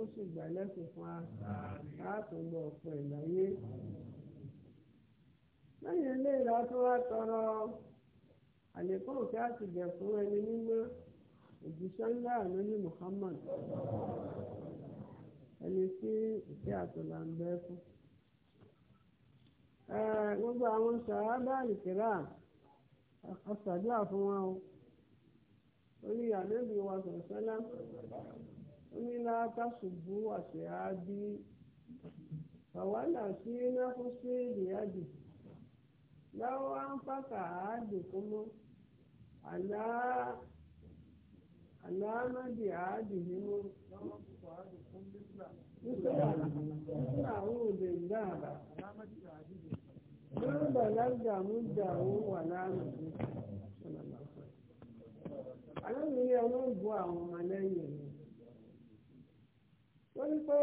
ó sì gbà lẹ́kùn fún wa láàtún gbọ́ ọ̀pọ̀ ìgbàyé. lẹ́yìn ilé ìlà tó wá tọrọ àlékún òkè àti ìbẹ̀ fún ẹni òjíṣẹ́ ńlá àná Muhammad ẹni tí àtọ̀là ń fún. gbogbo àwọn ọ̀sàdúrà fún o onílà tásùbù àṣẹ àbí fàwálà sí náfúsí ìdíyàjì láwọn àǹfààkà àádùn kún mọ́ àlá àlámàdì àádùn nínú nígbà àwọn òde ìgbà àbá lórúkọ lágbà mú dà ó wà láàrín àlọ́ mi yẹ wọ́n bu àwọn ọmọ lẹ́yìn torí pé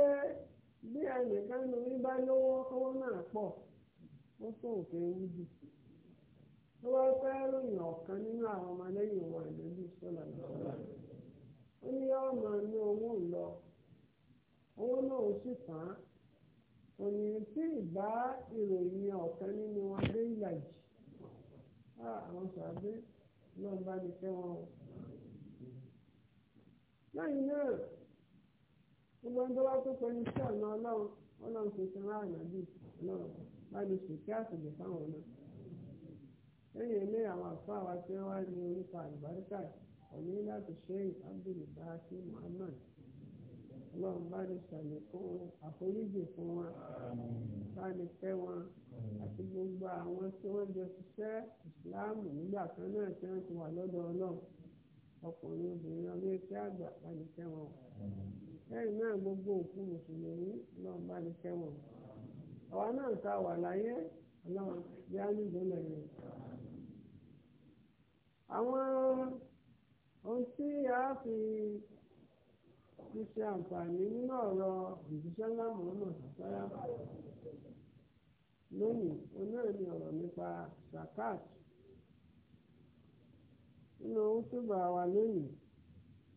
bí ẹnìkan nu mi bá lówó kọ́wọ́ náà pọ̀ ó tó òfin wújú tó wá fẹ́ ròyìn ọ̀kan nínú àwọn ọmọlẹ́yìn wọn àdébí sọ́là lọ́wọ́ ó ní yọ́ máa ní owó lọ owó náà ó sì tán án kò ní sí ìbá ìròyìn ọ̀kan nínú wọn dé ìlàjì àwọn sàbẹ náà bá ní fẹ́ o lẹ́yìn náà. gbogbo ẹni pụpụ nke tó pẹ̀lú iṣẹ́ ọ̀nà ọlọ́run ọlọ́run kò ṣe rárá dị ọlọ́run bá lè ṣèké eme fáwọn náà. lẹ́yìn tí wọ́n wá ní muhammad ọlọ́run bá lè ṣàlékún àforíjì fún wọn bá lè gbogbo awọn tí nígbà kan náà tí ti wà ọkùnrin obìnrin ọlọ́ọ̀kẹ́ lẹ́yìn náà gbogbo òkú mùsùlùmí náà bá ní kẹ́wọ̀n àwa náà ta wà láyé ọlọ́run bí a nílò lẹ́yìn. àwọn ohun tí a fi ti ṣe àǹfààní nínú ọ̀rọ̀ ìjíṣẹ́ ńlá mọ̀ọ́mọ̀ sára lónìí onáà ni ọ̀rọ̀ nípa zakat nínú ohun tó bá wà lónìí.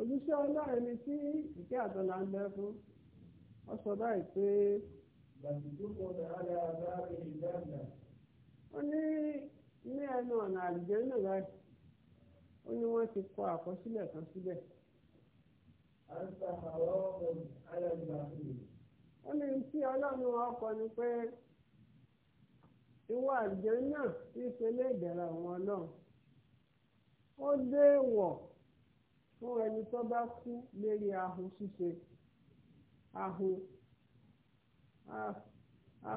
ojúṣe ọlọ́run ni tí nke àtọ́lá ń bẹ fún ọ sọ báyìí pé. ó ní ní ẹnu ọ̀nà àlùjẹ́ náà báyìí ó ní wọ́n ti kọ àkọsílẹ̀ kan síbẹ̀. ó ní tí ọlọ́run ọkọ ni pé ìwọ àlùjẹ́ náà ń ṣe lé àwọn ọlọ́run ó dé wọ̀. fún ẹni tó bá kú lérí ahun ṣíṣe ahun ah,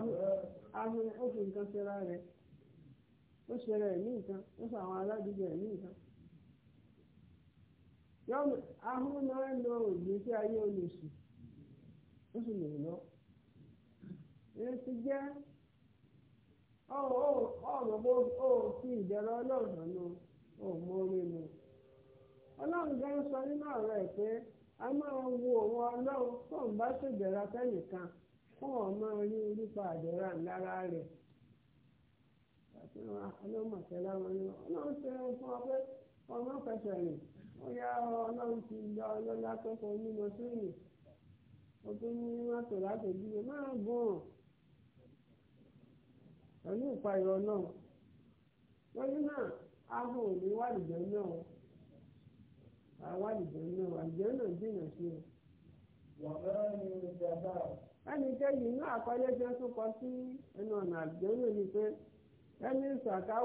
eh, ahun ó nǹkan ṣera rẹ̀ ó ṣẹlẹ̀ ní nǹkan ó sọ àwọn aládùúgbò ẹ̀ ní nǹkan. ahun náà lo ìgbésí ayé olùsùn ó sì lè lọ. ìrètí jẹ́ ọ̀rọ̀ bó fi ìdẹ̀rọ̀ ọlọ́run lọ òun mọ́ orí mu. ọlọ́run gan sọ nínú ọ̀rọ̀ ẹ̀ pé a máa wo òun ọlọ́run tó ń bá ṣèjọra fẹ́nìkan fún ọmọ orí nípa àdúrà lára rẹ̀ ọlọ́run tẹ̀lé wọn ni ọlọ́run ṣe ń fún ọ pé ọmọ fẹsẹ̀ rìn ó yá ọlọ́run ti yọ ọlọ́lá tó fọ nínú sírìn o tún ní mọ́tò láti dúró máa gùn pẹ̀lú ìpayọ̀ náà lórí náà ahùn òní wà lùjọ náà. àwa ìjọ́nà àjọ́nà jìnnà sí o. wàhálà ni ìjàmbá. ẹnì kejì inú àkọlé tí wọ́n kọ sí ẹnu ọ̀nà àjọ́nà ni pé ẹni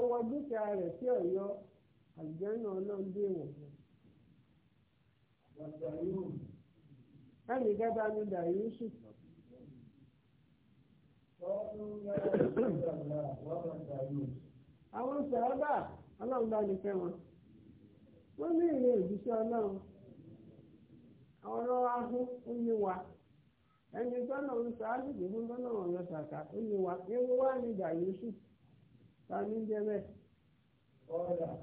wọ dúkìá rẹ̀ sí ọ̀yọ́ àjọ́nà ọlọ́dẹ wọ̀. ẹnì kẹta ni dàyú sùn. àwọn sọ̀rọ̀ bá ọlọ́run bá ní fẹ́ wọn. wọ́n ní ìrìn òjíṣẹ́ ọlọ́run ọ̀rọ̀ ahu ó wa ẹni tọ́nà ń ṣáájú fún tọ́nà ọ̀yọ́ ṣàkà ó yé wa ewu wá ní dàyéṣù ta ní jẹ́ bẹ́ẹ̀. ọ̀rọ̀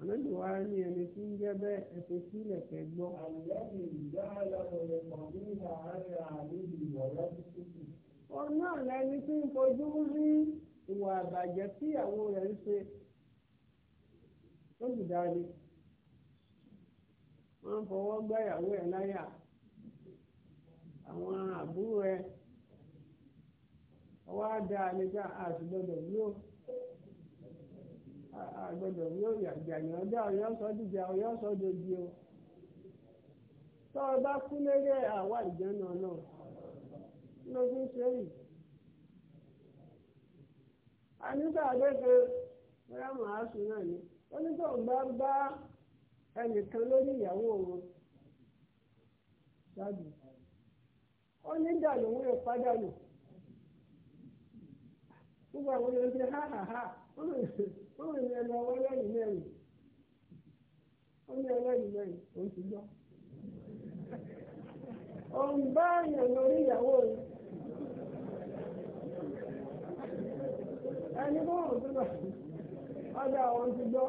àlejò wa ní ẹni tí ń jẹ́ bẹ́ẹ̀ sílẹ̀ fẹ́ gbọ́. ní àlejò náà lẹni tí ń fojú wọ́n fọwọ́ gbáyàwó ẹ̀ láyà àwọn àbúrò ẹ̀ ọwọ́ á àlejò àtìgbọ́dọ̀ yóò àgbọ́dọ̀ yóò yàgbàyàn ọjọ́ ọ̀yọ́ sọ dìjà ọ̀yọ́ sọ dojú o tọ́ ọ bá kú lérè àwa ìjọ́nà náà ló fi ń ṣe yìí. àgbẹ̀ bóyá màá sùn ẹnìkan ló ní ìyàwó òun ṣáàbì ó ní dànù wúlò pádànù gbogbo àwọn ènìyàn ha ha ha ó rìn ẹnu ọwọ́ lẹ́yìn mẹ́rin ó ní ẹlẹ́yìn mẹ́rin òun ti gbọ́ bá lórí ìyàwó ẹni bó ọjà òun ti gbọ́.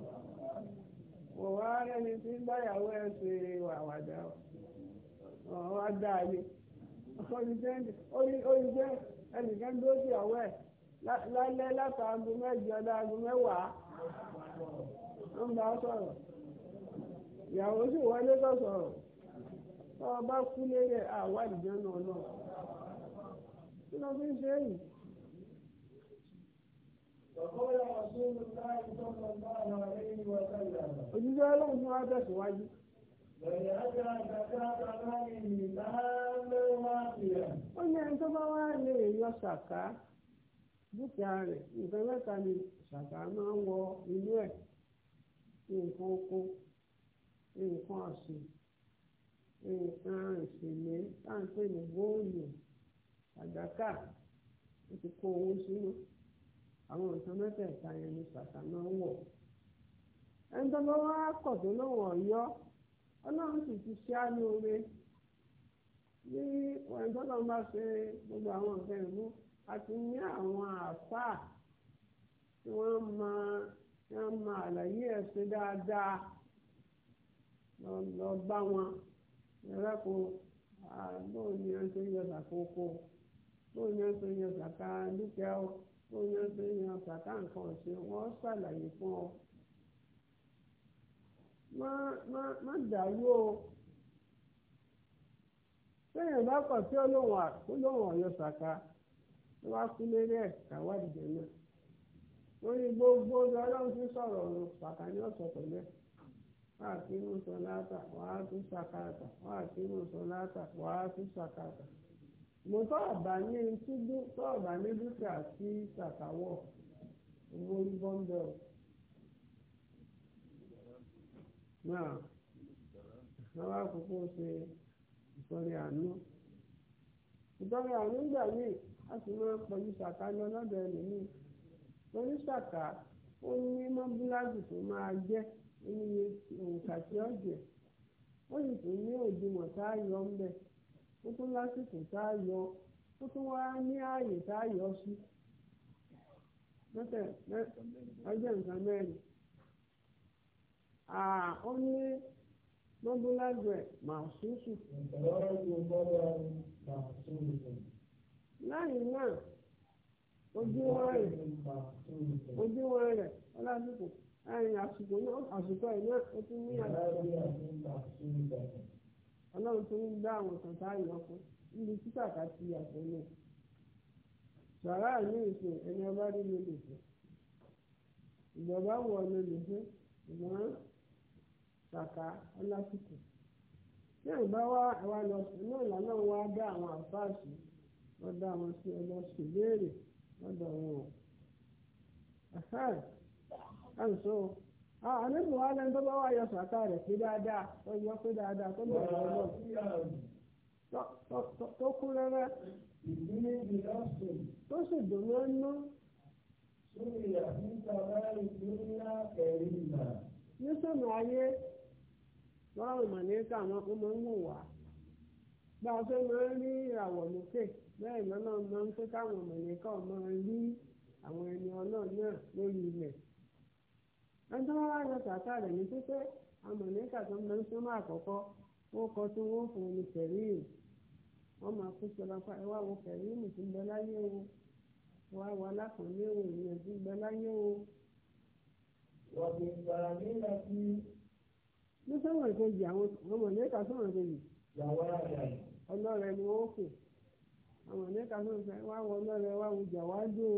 kò wá rẹ́ni tí gbáyàwó ẹ̀ ṣe àwàdà ọ̀hún adáyé olùjẹ́ ẹnìkan tó ṣe ọ̀wọ́ lálẹ́ látàgùn mẹ́jọ dágùn mẹ́wàá ń bá sọ̀rọ̀ ìyàwó sì wọlé sọ̀rọ̀ bá kú lérè náà náà kí ló fi ń ṣe yìí. Òjíṣẹ́ ọlọ́run ní wọ́n tẹ̀síwájú. Ó ní ẹni tó bá wá lè yọ ṣàká dúkìá rẹ̀ nǹkan mẹ́ta ni ṣàká máa ń wọ inú ẹ̀ nǹkan oko nǹkan ọ̀sìn nǹkan táǹpẹ̀ ní góòlù ó ti kó owó sínú. àwọn nǹkan mẹ́tẹ̀ẹ̀ta yẹn ni bàtà máa ń wọ̀ ẹni tó bá wá kọ̀ tó lóun ọ̀yọ́ ọlọ́run sì ti ṣe á ní oore ní ẹni tó lọ́n bá ṣe gbogbo àwọn nǹkan ìlú àti ní àwọn àáfàá tí wọ́n máa wọ́n máa àlàyé ẹ̀sìn dáadáa lọ bá wọn ẹlẹ́kọ̀ọ́ bóun ni wọ́n ṣe ń yọ sàkókò bóun ni wọ́n sàkà dúkìá o ó yan tó yan bàtà nǹkan ọ̀sẹ̀ wọ́n ṣàlàyé fún ọ. má má má dàrú o sẹ́yìn bá kọ̀ tí olóhùn olóhùn ọ̀yọ́ ṣàkà ló wá kú lérí ẹ̀ káwádìí jẹ náà wọ́n ní gbogbo ọlọ́run ti sọ̀rọ̀ ọ̀rọ̀ ṣàkà ní ọ̀sọ̀ pẹ̀lú ẹ̀ wàá kí mú sọ láàtà wàá tún ṣàkàtà wàá kí mú mo tọ́ọ̀bà ní túbú tọ́ọ̀bà ní dúkìá sí ṣàkàwọ̀ owó bọ́ńdọ̀ náà àwọn àkókò ṣe ìtọ́rẹ àánú ìtọ́rẹ àánú gbà mí a sì máa pọ̀jù ṣàkà lọ lọ́dọ̀ ẹlòmíì torí ṣàkà ó ní mọ́búláàgì tó máa jẹ́ ó ní òǹkà tí ó jẹ́ ó sì tún ní òdiwọ̀n tá a yọ ń bẹ̀ ó lásìkò tá a yọ ó tún wá ní ààyè tá a yọ sí ó ní mọ́búlágbẹ̀ màá ṣúṣù. lẹ́yìn náà ojúwọ́n rẹ̀ rẹ̀ ọlásìkò àsìkò náà àsìkò ẹ̀ náà ó tún ní àsìkò ọlọ́run tó ń gbá àwọn kan táyì ọkọ níbi tí kàkà ti yàtọ̀ náà sàrà ní ìṣe ẹni ọba rí mi lè fẹ́ ìjọba wọ ọ lè fẹ́ ṣùgbọ́n kàkà ọlásìkò tí ẹ̀ bá wá àwa lọ sùn náà lànà wá dá àwọn àfáàsì wọ́n dá àwọn sí ẹ lọ sùn léèrè lọ́dọ̀ wọn. àfáàsì àìsàn o. àánú wa lẹni tó bá wà yọ sàkà rẹ̀ pé dáadáa ó yọ pé dáadáa tó lè rọ lọ ọsọ. kú rẹ́rẹ́ tó ya dùnú ẹnu. ní sọ̀nà ayé báwo mà ní a fẹ́ máa ń rí ìràwọ̀ lókè bẹ́ẹ̀ lọ́nà máa ń pé káwọn mọ̀lẹ́kà rí àwọn ẹni náà lórí ẹni wá yọ sàkà rẹ̀ ní pípé amọ̀lẹ́kà tó ń lọ sọ́mọ́ àkọ́kọ́ wọ́n kọ́ tí wọ́n fún omi kẹ̀ríìm wọ́n máa kú sọ́ra pa ẹ wá wo kẹ̀ríìm tí ń bẹ láyé o wá wo alákùnrin o ìyẹn tí ń bẹ láyé o. ní sọ́wọ́n ìkejì àwọn ọmọlẹ́kà sọ́wọ́n ìkejì. ọlọ́rẹ̀ ni wọ́n kù ọmọlẹ́kà sọ́wọ́n ìkejì wá wo ọlọ́rẹ̀ wá wo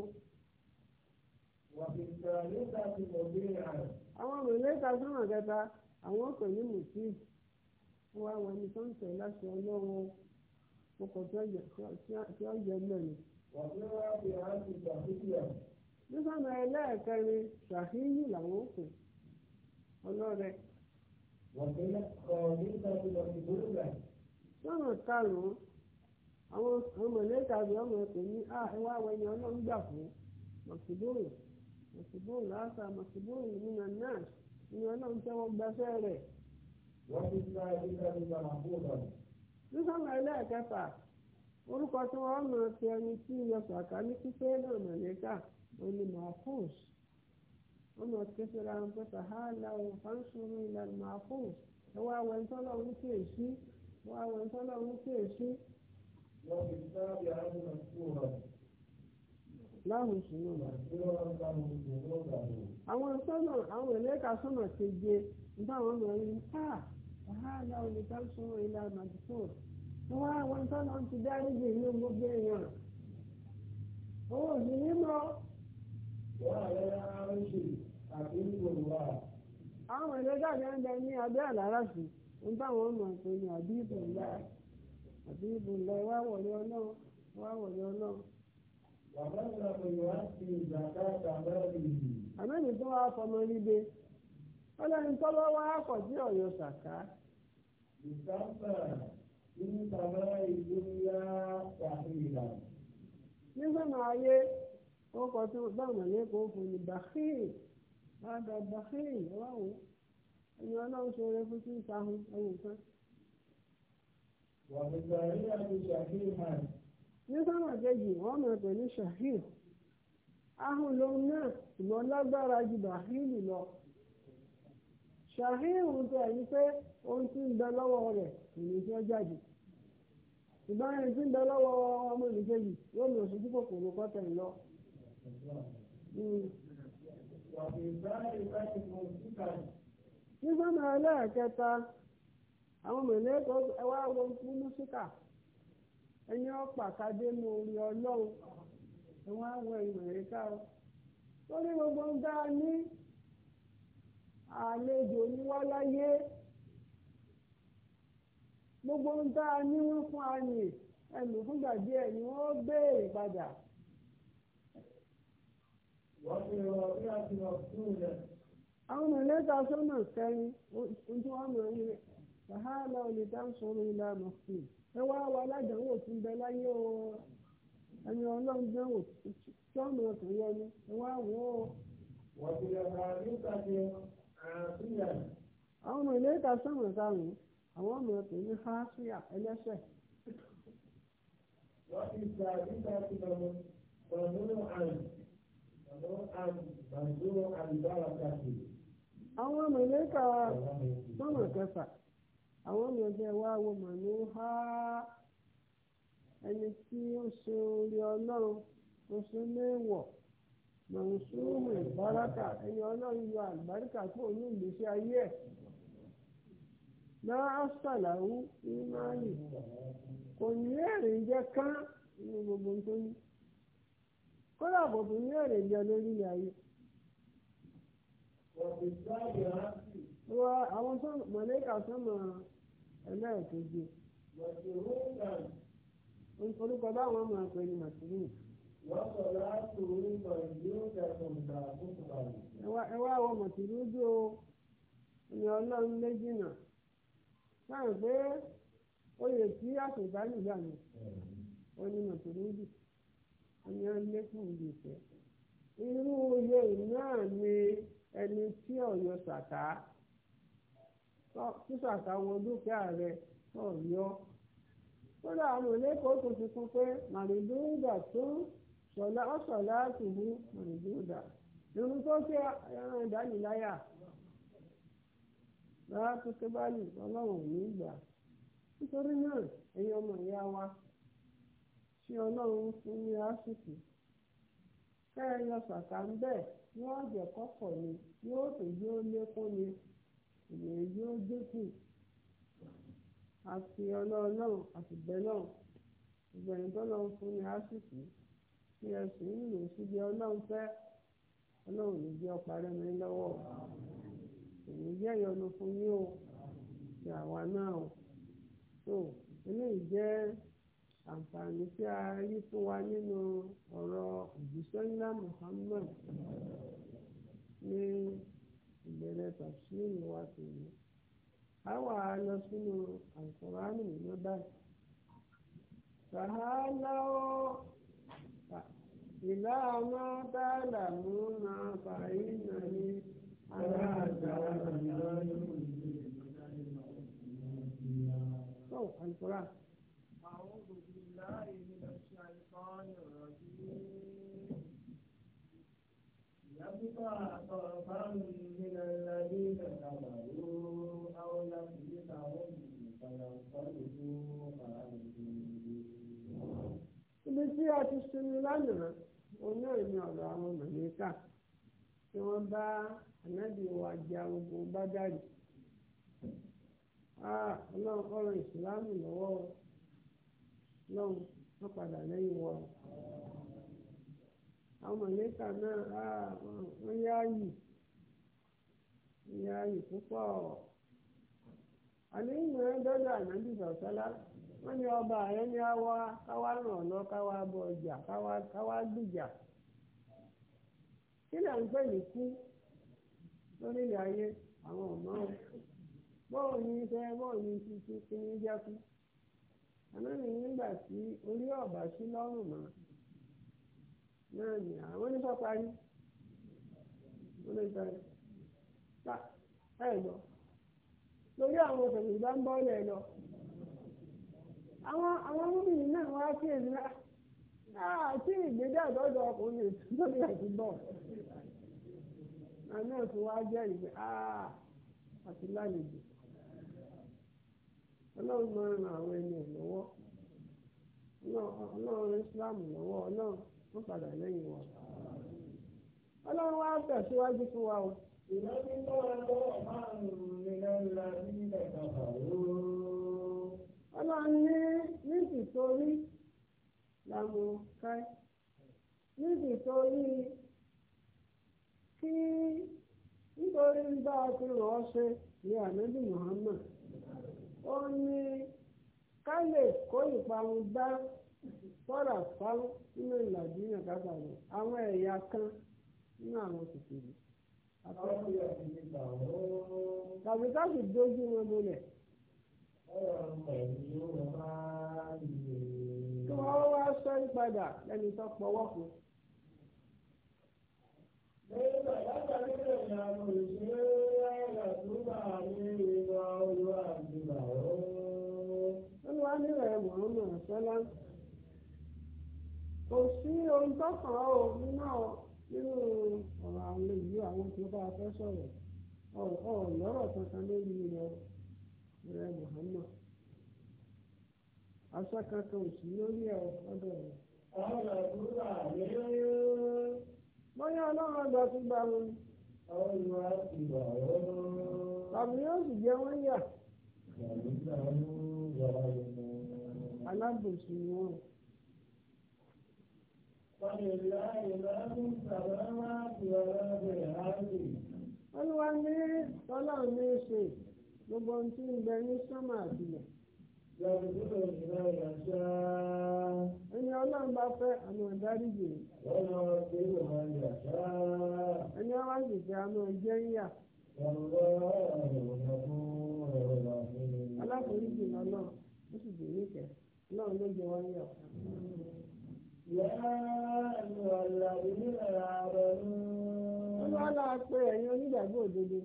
àwọn mẹ̀lẹ́ta sọ̀rọ̀ kẹta àwọn ọkọ̀ ní mùsí wọ́n àwọn ẹni tó ń láti ọlọ́wọ́ ọkọ̀ tí ó jẹ mẹ́rin. nígbàmọ̀ ẹlẹ́ẹ̀kẹrin ṣàhíhì làwọn òkè ọlọ́rẹ̀. sọ̀rọ̀ karùn-ún àwọn mẹ̀lẹ́ta sọ̀rọ̀ kẹta ní ah, ẹwà àwọn ẹni ọlọ́run gbà fún màkìdóòrò. mọ̀sibúrù láàṣà mọ̀sibúrù nínú náà ni ọlọ́run tẹ́wọ́ gbaṣẹ́ rẹ̀. wọ́n ti sá ẹgbẹ́ nígbà máa kó lọ. sísọ́nà ẹlẹ́ẹ̀kẹfà orúkọ tí wọ́n mọ̀ ti ẹni tí yọ sàkà ní pípé náà mọ̀lẹ́kà òní mahfuz wọ́n mọ̀ ti fẹ́ra wọn pé sàhálà ò fáńsùrù ìlànà mahfuz ẹ wá wẹ̀ ń tọ́lọ̀ ń kè sí wá wẹ̀ ń tọ́lọ̀ ń kè sí. wọ́n ti sá ẹgbẹ́ láhùn sùnúùbà. àwọn sọ́nà àwọn ẹ̀lẹ́ka sọ́nà keje nígbà wọn mọ̀ ní ká wàhálà oníkà sọ́nà ilé àmàdìfò wọ́n wá sọ́nà ti gbogbo èèyàn. owó ń bẹ ní abẹ́ àlàrà sí àbí àbí wà wọlé ọlọ́run wà wọlé ọlọ́run. àmẹ́ni tó wá fọmọ ríbe ọlọ́run tó bá wá pọ̀ sí ọ̀yọ́ sàká. ìsáfà ní bàbá ìlú ńlá ṣàfihàn. nígbà máa yé wọn kọ tí wọn bá wọn lẹ́kọ̀ọ́ fún ní bàkíì wọn dọ bàkíì wọn wò ẹni ọlọ́run ṣe rẹ fún sí ìsahun ẹ̀wọ̀n kan. wàhùn ìgbà yìí àti ṣàfihàn. ní kejì wọ́n máa shahid ahùn náà ṣùgbọ́n lágbára ju bahid lọ shahid ń tẹ̀ yí pé ohun tí ń bẹ lọ́wọ́ rẹ̀ ìlú tí ó jáde ṣùgbọ́n tí ń bẹ lọ́wọ́ ọmọ yóò lọ sí lọ. ẹlẹ́ẹ̀kẹta àwọn mẹ̀lẹ́kọ̀ọ́ ẹwà ẹni ọ̀pá kadé mú orí ọlọ́run ẹ̀wọ̀n àwọn ìrìnrìn ká o lórí gbogbo ń dá ní àlejò oníwáláyé gbogbo ń dá ní wọ́n fún àyè ẹnu fúngbà díẹ̀ ni wọ́n béèrè padà. wọ́n rọ bí a ti rọ fún ilẹ̀. àwọn sọ́nà ojú wọn mọ̀ ní ìlànà fún un. ẹ wá wa aládàáwò tún bẹ láyé o ẹni ọlọ́run náà wò tíọ́nù yẹn ni ẹ wá wò ó. wọ́n ti lè ra nígbà tí àásùyà. àwọn ọmọ ilé sọ̀rọ̀ sáwọn àwọn ọmọ ọ̀tún ní àásùyà ẹlẹ́sẹ̀. wọ́n ti gba nígbà tí lọ́mọ pẹ̀lú àrùn pẹ̀lú àrùn pẹ̀lú àrùn bára àwọn ọmọ ilé sọ̀rọ̀ kẹfà. àwọn ọmọdé wa wo màmí ha ẹni tí ó ṣe orí ọlọ́run tó ṣe léèwọ̀ mọ̀nsúrùmù ìbáraka ẹni ọlọ́run yọ àlùbáríkà kúrò ní ìgbésí ayé ẹ̀ náà ṣàlàyé ìmáàlì kò ní èrè jẹ kán nínú gbogbo tó ní kódà kò tún ní èrè jẹ lórí ilẹ̀ ayé. wọ́n àwọn mọ̀lẹ́kà sọ́mọ̀. ẹlẹ́ẹ̀kejì orúkọ báwọn ọmọ ẹ̀ pé ni màsílù. ẹ wá wọ màsílù ni ọlọ́run lé jìnnà sáà pé oyè tí àtúntà nìgbà mi ó ní màsílù dì ọmọ ẹ̀ lékún ìgbésẹ̀ irú oyè náà ni ẹni tí ọ̀yọ́ sàkà. sísàkáwọn dúkìá rẹ náà yọ. kódà àwọn olẹ́kọ̀ọ́ tó ti kún pé màrìndínlódà tó ọ̀sọ̀lá tùbú màrìndínlódà irun tó ṣe ẹran ìdániláyà rárá tó ṣe báyìí ọlọ́run ò ní gbà nítorí náà ẹ̀yin ọmọ ìyá wa ṣé ọlọ́run fún ní àsìkò yọ sàkà ń ni yóò tó yóò ìbẹ̀rẹ̀ yóò dínkù àti ọlọ́ọ̀lọ́ọ̀ àtìgbẹ́lọ́ọ̀ ìgbẹ̀yìn tọ́lọ́run fún ni síbi ọlọ́run fẹ́ ọlọ́run ní jẹ́ ọ̀pá rẹ́mi lọ́wọ́ jẹ́ ìyọnu fún yín o ti àwa náà o tó eléyìí jẹ́ àǹfààní tí a rí fún wa nínú ọ̀rọ̀ ní. ìbẹ̀rẹ̀ tafsiri wa sì ni a wà á lọ sínú àkùránì ló báyìí sàhálàó ìlà ọmọ bàálà mú náà fàáyí náà ní ara àgbàrá àgbàrá lórí ìlú àkùrá. أعوذ بالله ibi tí a ti sinmi lánàá òun náà ni ọ̀rọ̀ àwọn mọ̀lẹ́kà tí wọ́n bá ànábì wa jà ogun bá dárì ọlọ́run ọ̀rọ̀ ìsìlámù lọ́wọ́ ọlọ́run wọ́n padà lẹ́yìn wọn. àwọn na náà ah, wọ́n yáàyè yáàyè púpọ̀ àlẹ́ ìmọ̀ ẹ̀dọ́dọ̀ ànábì sọ̀tọ́lá wọ́n ní ọba ààrẹ ní àwa káwá ràn lọ káwá bọ ọjà káwá gbìjà kí là ń pè ní kú ayé àwọn ọmọ o bọ́ọ̀ ni bọ́ọ̀ ni kí jẹ́ kú náà ni àwọn oníṣọ parí oníṣọ ta ẹ lọ lórí àwọn òṣèlú bá ń bọ́ lọ àwọn àwọn gómìnà náà wá sí tí ìgbéjà lọ́dọ̀ ọkùnrin lórí àti bọ̀ àná tó Islam wọ́n padà lẹ́yìn wa. ọlọ́run wá tẹ̀síwájú fún wa o. ìlọ́sí tó ń bọ̀ máa ń rìnrìn ńlá nílẹ̀ kàkà lóòó. ọlọ́run ní ní ní ní Muhammad ó ní ká lè kó ìparun fọ́dà fáwọn nínú ìlàjì yàn kápá rẹ̀ àwọn ẹ̀yà kan nínú àwọn kòkòrò. tàbí ká dojú wọn bolẹ̀. kí wọ́n wá sọ́yìn padà lẹ́ni tó pọ̀wọ́ fún. Olúwa nílẹ̀ ẹ̀wọ̀n náà sọ́lá. kò sí ohun tó kàn ọ́ òun náà nínú ọ̀rọ̀ àwọn ìlú àwọn tí ó bá fẹ́ sọ̀rọ̀ ọ̀rọ̀ lọ́rọ̀ kankan lórí rẹ̀ rẹ̀ Muhammad aṣọ kankan ò sí lórí ẹ̀ ọ̀dọ̀ rẹ̀. ọ̀rọ̀ ìgbà yẹn. bóyá ọlọ́run ọgbà ti gbà wọn. ọ̀rọ̀ ìgbà yẹn. tàbí yóò sì jẹ́ wọ́n yà. alábòsí ni wọ́n. olúwa ní ọlọ́run ní í ṣe gbogbo ohun tí ń bẹ ní sánmà àbílẹ̀. ẹni ọlọ́run bá fẹ́ àmọ́ ìdáríjì. ẹni ọlọ́run sì fẹ́ àmọ́ ìjẹ́yà. aláforíjì náà náà ó sì dé níkẹ́ náà ló jẹ wáyé ọ̀kan. Yá ìwà ìlàrí nílẹ̀ ààrẹ ní. Wọ́n lọ pé ẹ̀yin onígbàgbọ́ òdodo.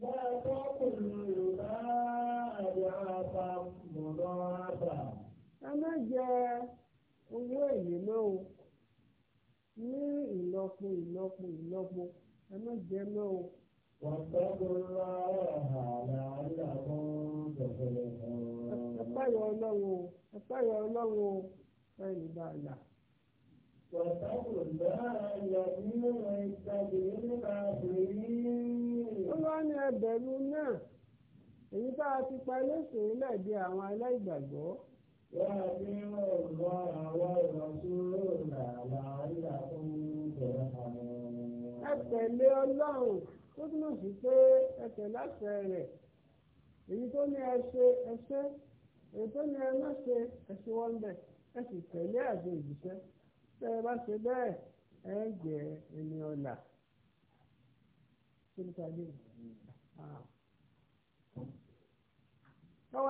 Wọ́n ẹ̀kọ́ kò lè bá ẹ̀yà àpá mọ̀rọ̀ àbà. Ẹ má jẹ owó èyí náà o. Ní ìlọ́po ìlọ́po ìlọ́po, ẹ má jẹ náà o. واتقوا الله لعلكم تفلحون. ẹ páyọ̀ Ọlọ́run ẹ páyọ̀ Ọlọ́run ẹ ìbàlà. واتقوا الله الذي يستجيب الكافرين. Olúwa ni ẹbẹ̀rù náà, èyí tá a ti pa lóṣù ilẹ̀ di àwọn aláìgbàgbọ́. Yáa bí wọ́n Ẹ tẹ̀lé Ọlọ́run tó túmọ̀ sí pé ẹ tẹ̀lé àṣẹ rẹ̀. Èyí tó ní ẹ ṣe ẹ èyí tó ní ẹ má ṣe ẹ wọ́n bẹ̀, ẹ sì tẹ̀lé àjọ ìjíṣẹ́. bẹ́ ẹ bá ṣe bẹ́ẹ̀ ẹ jẹ́ ẹni ọ̀la káwá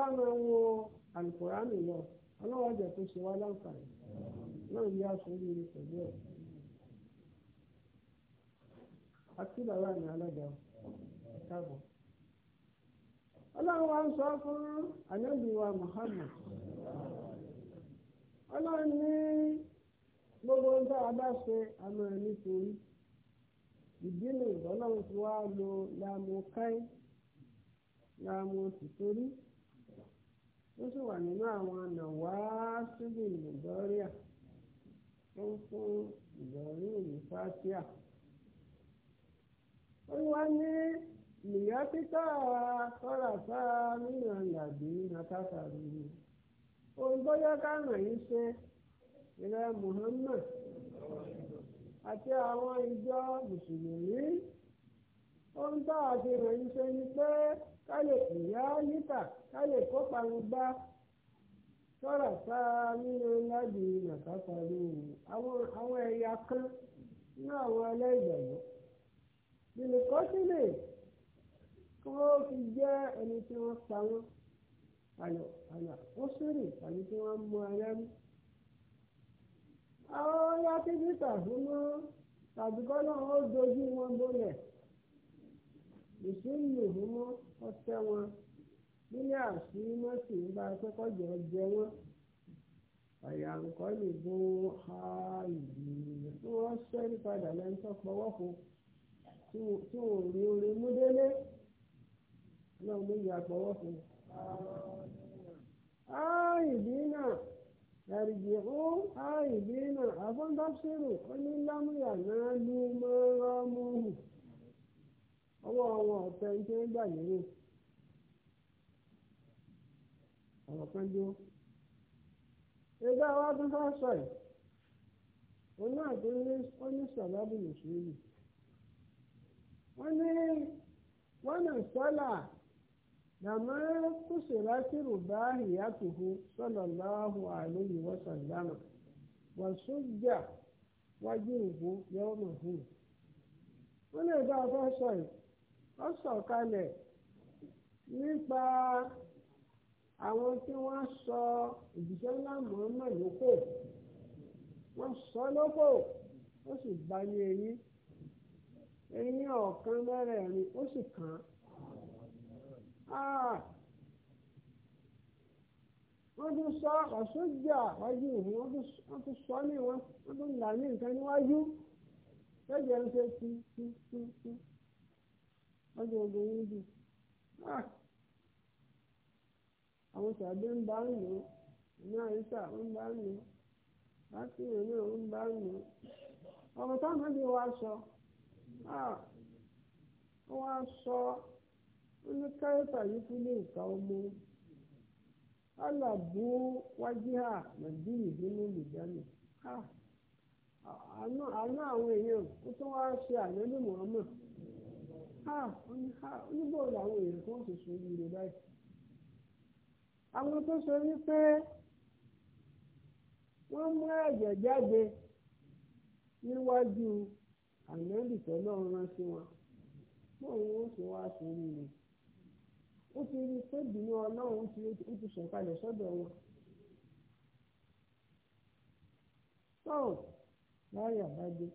ah. máa wo alukóránì lọ ọlọ́wọ́ jẹ́ kó ṣe wá láǹfààní náà ní aṣọ oríire pẹ̀lú ẹ̀ àti bàbá mi alága káàbọ̀. ọlọ́run wa ń sọ fún anábìwa Muhammad ọlọ́run ní. gbogbo ohun tá bá ṣe àmọ́ ẹ̀ nítorí ìdílé ìbọ́lọ́run ti wá lo láàmú káí láàmú tìtorí ó sì wà nínú àwọn ànàwá síbi ìbọ̀dọ́ríà tó ń fún ìbọ̀rí ìlú fásíà. olúwa ní ìyá títà sọ́ra nínú àyàbí ká yín ṣe. ìrẹ Muhammad àti àwọn ìjọ mùsùlùmí ohun tá a fi hàn yín ṣe ni pé ká lè kùyà yíta ká lè kópa ń gbá sọ̀rọ̀ tá a nínú láti nàkàtà lóhùn àwọn ẹ̀yà kan ní àwọn ẹlẹ́gbẹ̀ẹ́ nínú kí wọ́n fi jẹ́ ẹni tí wọ́n pa wọ́n àlọ́ àlọ́ ó sírì tàbí tí wọ́n mú ẹlẹ́mú àwọn ọlá tí níta fún mọ́ tàbí kọ́lọ́ ó dojú wọn bólẹ̀ ìṣúlù fún mọ́ ọtẹ wọn nílé àṣì mọ́sì ń bá akẹ́kọ̀ọ́ jẹ wọ́n àyàǹkọ́ lè bó ààyè tí wọ́n ṣẹ́rí padà lẹ́nu tó pọwọ́ fún tí ò rí orin múdélé náà ló yà pọwọ́ fún. ààyè bí náà ẹ̀rìjìhó àìdínà àfọ́ńdọ́sírù ó ní lámúyà náà ló máa ń rọ́mú hù ọwọ́ wọn ọ̀tẹ̀ ń tẹ́ gbà lérò ọ̀rọ̀ kan jó ẹgbẹ́ wa tún fẹ́ sọ ẹ̀ òun náà tó ní ó ní sàlábù nìṣúlì wọ́n ní لما قصرت رباهيته صلى الله عليه وسلم وسج وجهه يومه wọ́n lè bá ọkọ sọ yìí ó sọ̀kalẹ̀ nípa àwọn tí wọ́n sọ ìdíjẹ́ ńlá mọ̀ọ́mọ̀ lóko wọ́n sọ lóko ó sì bá eyín eyín ọ̀kan mẹ́rẹ̀ẹ̀rin ó sì kàn án. Ah. wọ́n tún sọ ọ̀ṣọ́jà wájú ìhìn wọ́n tún sọ ní wọn wọ́n tún là ní nǹkan níwájú lẹ́jẹ̀ ń ṣe tí tí tí tí wájú obìnrin bì àwọn tàbí ń bá ń lò ní àyíká ń bá ń lò láti ìrìn náà ń bá ń lò ọ̀rọ̀ táwọn ẹbí wa sọ ó wá sọ. Ah, ó ní káyọ̀tà yìí kú ní nǹkan ọmọ alábù wájíhà nàìjíríì nínú ìdáná àná àwọn èèyàn ó tún wá ṣe àyẹ́lú làwọn èèyàn kan ṣe ṣe ìrè báyìí àwọn tó ṣe wípé wọ́n mú ẹ̀jẹ̀ jáde níwájú àyẹ́lú tọ́lọ́run rán sí wọn bóun ó sì wá ó ti rí i pé bínú ọlọ́run ó ti sọ̀kalẹ̀ sọ́dọ̀ wọn. tọ́ọ̀ láyà bá dé.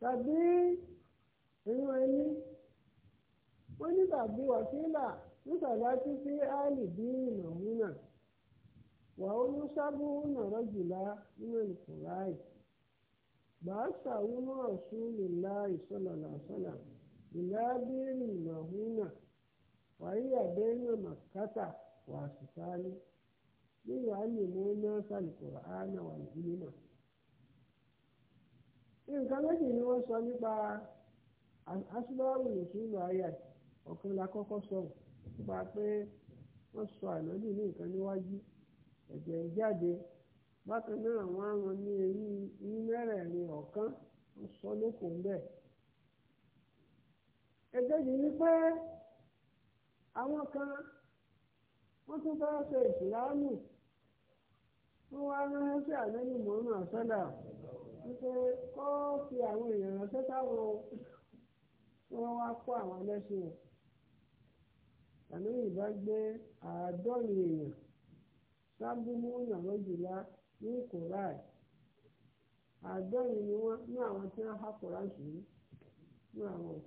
tàbí ìran ẹni ó ní tàbí wàkílà nísàlá tí sí áàlì bí ìnàmúnà wà ó ní sábú nàró jùlá nínú ìkùráì bàá sàwúmọ̀ ọ̀ṣun lè la ìsọ̀lọ̀lọ̀ sọ̀lọ̀. بلاد مهونة وهي بين مكة وسكان ليعلموا الناس القرآن والعلم nǹkan méjì ni wọ́n sọ nípa asúbáwò lòsùlù ayé ọ̀kan la kọ́kọ́ sọ nípa pé ní nǹkan níwájú ẹ̀jẹ̀ jáde bákan náà wọ́n á ní eyín mẹ́rẹ̀ẹ̀rin ọ̀kan wọ́n sọ lóko ń bẹ́ẹ̀. èkejì ni pé àwọn kan wọ́n tún fẹ́ ṣe ìsìláàmù wọ́n wá ránṣẹ́ àlẹ́yìn mọ́nà àṣọ́dà wípé kó fi àwọn èèyàn ránṣẹ́ táwọn wọ́n wá kó àwọn ẹlẹ́sìn àlẹ́yìn bá gbé àádọ́rin èèyàn sábúmú nàlọ́jùlá ní àádọ́rin ni wọ́n ní àwọn tí wọ́n há sí ní àwọn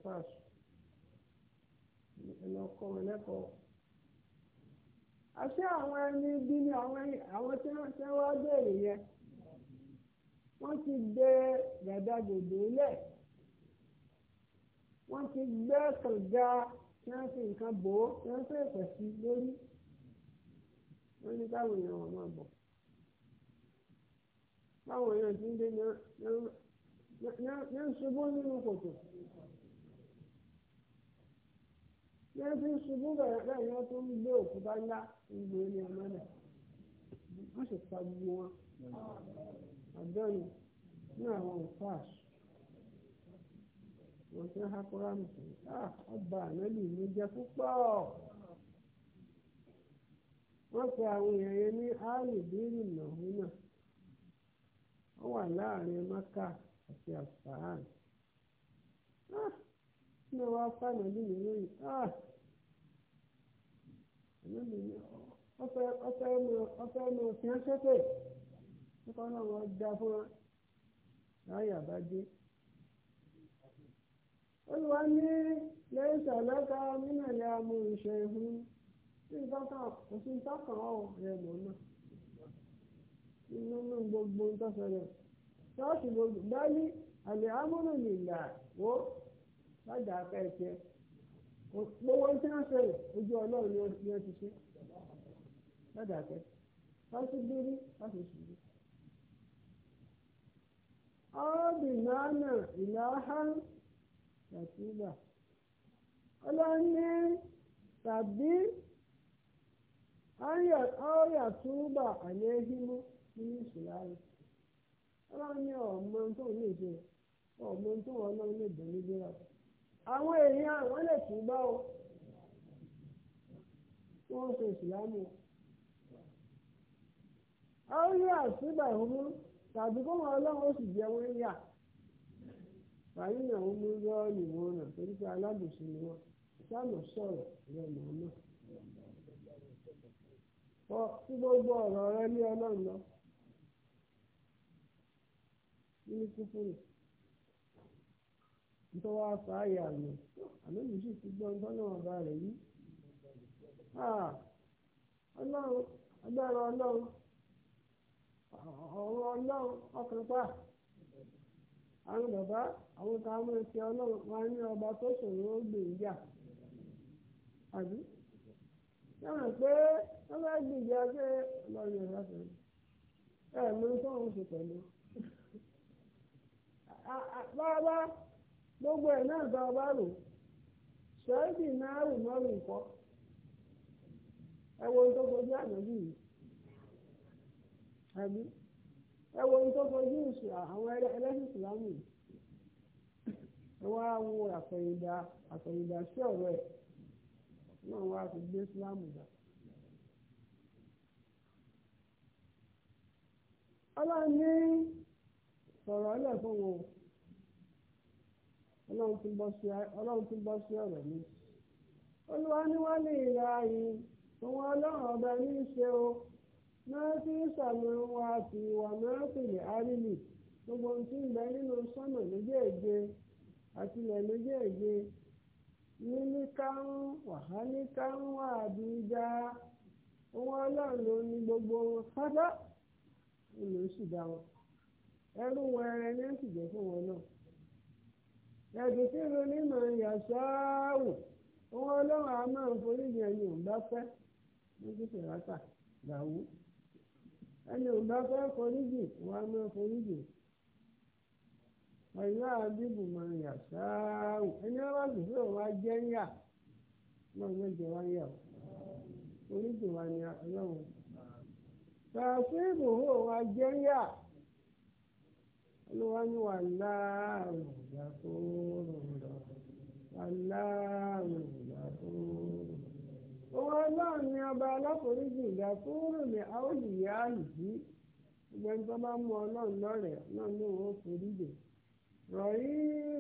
ẹnu ọkọ wọn lẹ́kọ̀ọ́ àṣé àwọn ẹni bí ni àwọn tí wọ́n wá béèrè yẹn wọ́n ti gbé gàdàgòdò lẹ̀ wọ́n ti gbé kànga tí wọ́n fi nǹkan bò ó tí wọ́n fi ẹ̀fẹ̀ sí lórí wọ́n ní káwọn èèyàn wọn máa bọ̀ báwọn èèyàn ti ń dé ní ń ṣubú nínú kòtò. n'ebe nsogbu nwere bẹ̀rẹ̀ bẹ́ẹ̀ yẹn tó ń gbé òkúta ńlá ń gbé na ọmọdé wọ́n sì pa gbogbo wọn àdánù ní àwọn ìfáàs wọ́n ti ń ọba ànálì ló jẹ́ púpọ̀ wọ́n wọ́n kí ló wá fànà bí ah! mi lóyún ọfẹ ọfẹ mọ fi hàn sẹpẹ nípa náà wọn dá fún wa láyà bá dé olùwà ní lẹ́yìn sàlákà mínàlẹ́ amú ìṣe ìhun ní ìbákan òsín tákàn ọ̀ rẹ̀ mọ̀ náà nínú gbogbo ń tọ́sọ̀rọ̀ ṣọ́ọ̀ṣì gbogbo dálí àlè amúnú nìlà wọ́n. lọ́jà afẹ́ tiẹ̀ gbogbo tí wọ́n sọ̀rọ̀ ojú ọlọ́run ni wọ́n ti ṣe lọ́jà afẹ́ wọ́n ti dérí wọ́n ti sùn. ọ́ọ́dì ṣàtúbà ọlọ́ni tàbí ọ̀rẹ́ àtúbà àléhìmú nínú ìṣòláyé ọlọ́ni ọ̀mọ tó ń lè ṣe tó àwọn èèyàn àwọn lè tún bá o wọ́n ṣe ìsìlámù ọ̀rẹ́ tàbí kó wọn ọlọ́run ó sì jẹ́ wọ́n yà báyìí náà wọ́n mú rọ́ọ̀lù wọn náà torí pé alábòsí ni sáàmù sọ̀rọ̀ ọ tí gbogbo rẹ ní ọlọ́run lọ tó afọ fàáyà ya àmì mi sì ti ọba rẹ̀ yi ọlọ́run agbára ọlọ́run ọ̀rọ̀ ọlọ́run àwọn bàbá àwọn tá a máa ṣe ọlọ́run ní ọba tó ṣòro ìjà àbí pé pé mú gbogbo ẹ náà bá ọba rò sọ́ọ́dì náà rò mọ́rù nǹkan ẹ wo ohun tó fojú yìí ẹ wo ohun tó fojú ìṣù àwọn ẹlẹ́sìn ìsìlámù ẹ wá wo àfẹ̀yìndà àfẹ̀yìndà sí ọ̀rọ̀ ẹ̀ náà wá fi gbé ìsìlámù dà. ọlọ́run ti bọ́ sí ọ̀rọ̀ mi. olúwa ni wọ́n lè ra yìí òun ọlọ́run ọba ní í ṣe o máa fi sàmì wa àti ìwà mẹ́rẹ́pìlì árílì gbogbo ohun tí ń bẹ nínú sọ́nà méjèèje àti ilẹ̀ méjèèje níní kárún wàhálí kárún wà àbíjá òun ọlọ́run ló ní gbogbo pátá ìlú wọn ẹrú wọn ẹrẹ ní ìsìjẹ́ fún wọn náà. ẹ̀dùnkìrù onímọ̀ ìyàsáàwù owó ọlọ́run a máa ń foríjì ẹni òǹbá pẹ́ rákà ẹni òǹbá pẹ́ foríjì wọn a máa ọ̀yọ́ ẹni ọba gbèsè òun á jẹ́ náà jẹ wá yà ó foríjì wa ni ọlọ́run tààfin ìbòho jẹ́ ló wá ní wàhálà àrùn ìgbà tó rùn lọ wàhálà àrùn ìgbà tó rùn lọ. Òun ọlọ́run ni ọba aláforíjì ìgbà tó rùn ní àwòyíyá yìí gbẹ̀ǹ tó bá mú ọlọ́run lọ́rẹ̀ náà ní òun foríjì. Rọ̀yí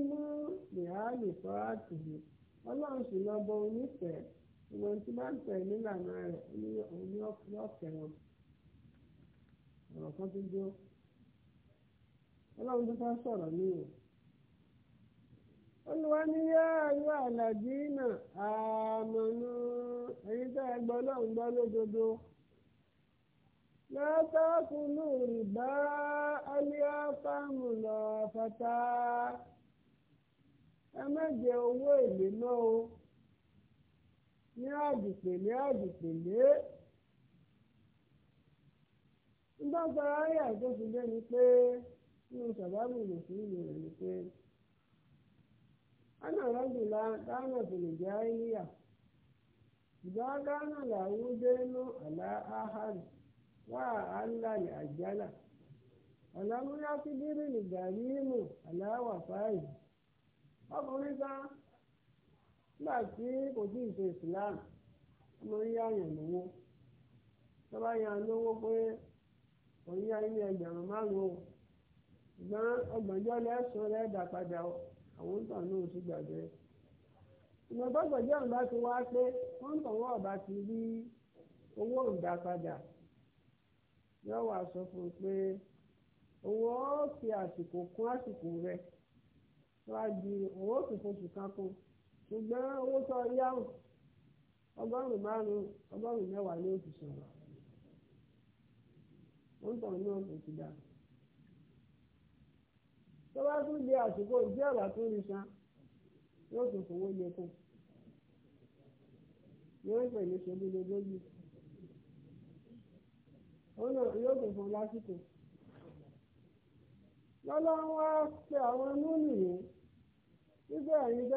mú ìhálì fọ́ọ̀tì yìí ọlọ́run sì lọ bọ onífẹ̀ẹ́ ìwọ̀n tí bá ń tẹ̀ nílànà rẹ̀ ní ọ̀fẹ́ wọn. Ọ̀rọ̀ kan tó dúró ọlọ́run tó fẹ́ sọ̀rọ̀ ní o. olùwà ní yá ayọ́ àlàjì náà àmọ́nú ẹ̀yin tẹ́ ẹ gbọ́ lọ́run gbọ́ lódodo. látàkùnú rìbá aliáfàmù lọ fata ẹ mẹ́jẹ owó èlé náà o ní àdùpèlé àdùpèlé nígbà tó ayé àtúnṣe lé ni pé. nínú sàbábù mùsùlùmí rẹ̀ ni pé ana rọ́jùlá dáná tòlè jẹ́ àìlíyà ìgbà dáná làwọn dénú àlá áhàlì wà á ńlá ní àjálà ọ̀làmúyá tí bírí ní gàrímù àláwà fáyì ọkùnrin kan nígbà tí kò tí ì ṣe lówó bá lówó pé òun yá ilé ẹgbẹ̀rún ṣùgbọ́n ọgbọ̀njọ́ lẹ́sùn rẹ̀ dà padà àwọn tàn náà ti gbàgbé. ìgbàgbọ́ gbọ̀njọ́ ń ti pé wọ́n tàn ti rí owó ọrụ padà yóò wá sọ fún un pé owó fi àsìkò kún àsìkò rẹ̀ wájú owó tuntun oṣù kan kún ṣùgbọ́n owó tó yáwùn ọgọ́rùn-ún márùn tó bá tún di àsìkò ìdí ọ̀rọ̀ tó ní san yóò tún fowó lé kù yóò pè ní ṣebí lójoojú òun yóò tún fún lásìkò lọ́lọ́ wá pe àwọn wípé ẹ̀yin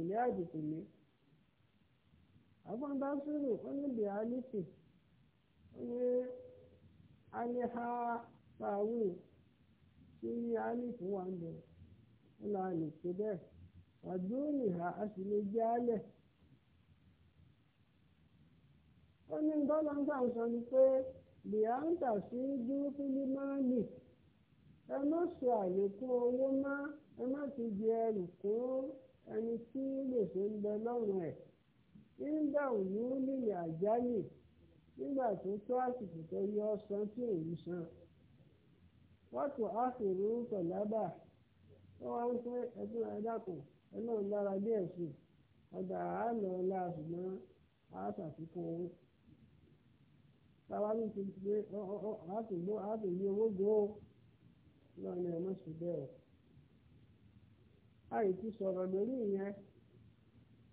a ní ní ní afọ́nbásírù ó ní bíálítì ó ní aliha pàwù tí alifu wà ń bẹ̀ ó là lè ṣe bẹ́ẹ̀ wàdúrì ha a sì lè jẹ́ alẹ̀. ó ní dọ́lọ́ńtà sọ ni pé bíáńtà sí dúrúfìlì máàlì ẹ má ṣe àlékún owó má ẹ má ti jẹ ẹrù kún ẹni tí gbèsè ń bẹ lọ́rùn ẹ̀. nígbà òní ó nílẹ̀ àjálè nígbà tó tó àsìkò tó yọ ọ́ san tí òun san wọ́tò áfèrè ń tọ̀ lábà wọ́n wá ń pẹ́ ẹtún dị ẹ̀nà lára díẹ̀ sí ọjà àánà ọ̀la ṣùgbọ́n àṣàfikún owó táwa ní ti owó lọ́nà ẹ̀mọ́sùn bẹ́ẹ̀ àìtú sọ̀rọ̀ lórí ìyẹn.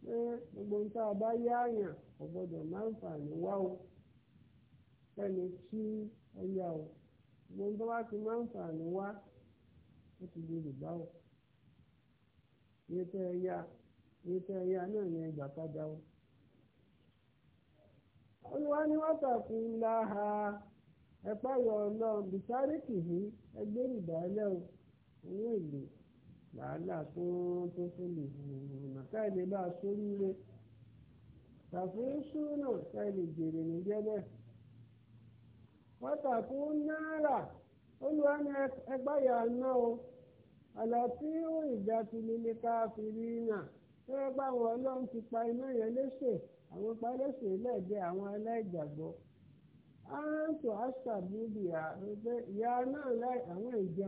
gbogbo nta àbá yáàyàn kò gbọdọ̀ máa ń fà o fẹ́ni tí ó yá o gbogbo nǹkan bá ti máa ń fà ní o iye tẹ́ ẹ yá iye tẹ́ ẹ yá náà ni ẹgbà padà o. olúwa ni wọ́n tàkùn láha ẹ̀pá yọ̀ ọ̀nà yìí wàhálà tó tó tó lè hùwà táì lè bá a sórí rẹ tàfíìsù náà táì lè jèrè ní jẹ́bẹ̀ pàtàkì náírà olùwàní ẹgbàyà náà o àlàtí ó ìjà ti líle káfíìrì náà tó yẹ pé àwọn ọlọ́run ti pa iná yẹn léṣe àwọn pa léṣe lẹ́ẹ̀dẹ́ àwọn aláìgbàgbọ́ áńtò àṣàbíbì ìyá náà láì àwọn ìjẹ